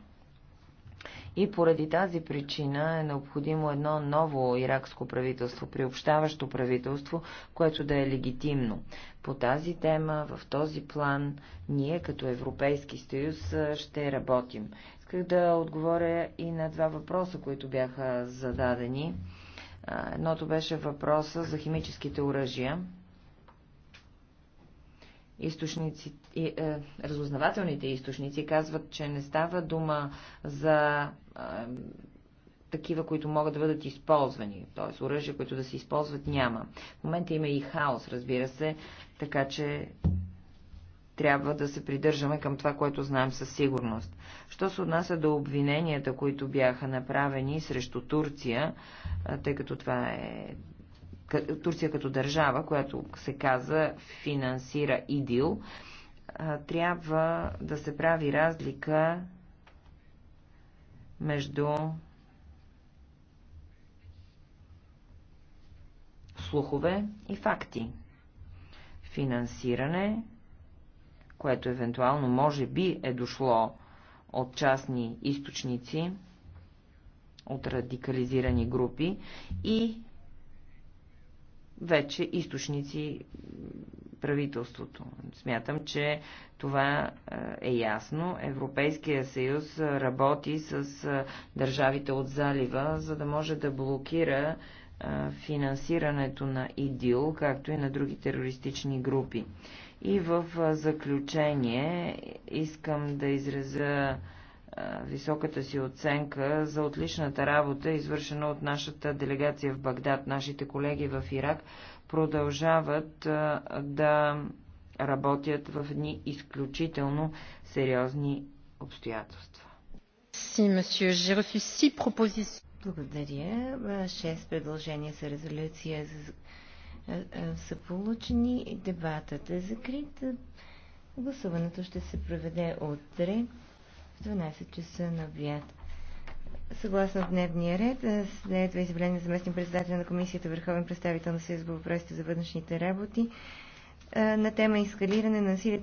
И поради тази причина е необходимо едно ново иракско правителство, приобщаващо правителство, което да е легитимно. По тази тема, в този план, ние като Европейски съюз ще работим. Исках да отговоря и на два въпроса, които бяха зададени. Едното беше въпроса за химическите оръжия. Източниците и, е, разузнавателните източници казват, че не става дума за е, такива, които могат да бъдат използвани, т.е. оръжия, които да се използват, няма. В момента има и хаос, разбира се, така че трябва да се придържаме към това, което знаем със сигурност. Що се отнася до обвиненията, които бяха направени срещу Турция, е, тъй като това е Турция като държава, която се каза финансира ИДИЛ, трябва да се прави разлика между слухове и факти. Финансиране, което евентуално може би е дошло от частни източници, от радикализирани групи и вече източници правителството. Смятам, че това е, е ясно. Европейския съюз е, работи с е, държавите от залива, за да може да блокира финансирането на ИДИЛ, както и на други терористични групи. И в заключение искам да изреза високата си оценка за отличната работа, извършена от нашата делегация в Багдад, нашите колеги в Ирак, продължават да работят в едни изключително сериозни обстоятелства. Благодаря. Шест предложения за резолюция са получени. Дебатът е закрит. Гласуването ще се проведе утре в 12 часа на обяд. Съгласно дневния ред, следва изявление на заместник председател на комисията Върховен представител на Съюз по въпросите за външните работи на тема ескалиране на насилието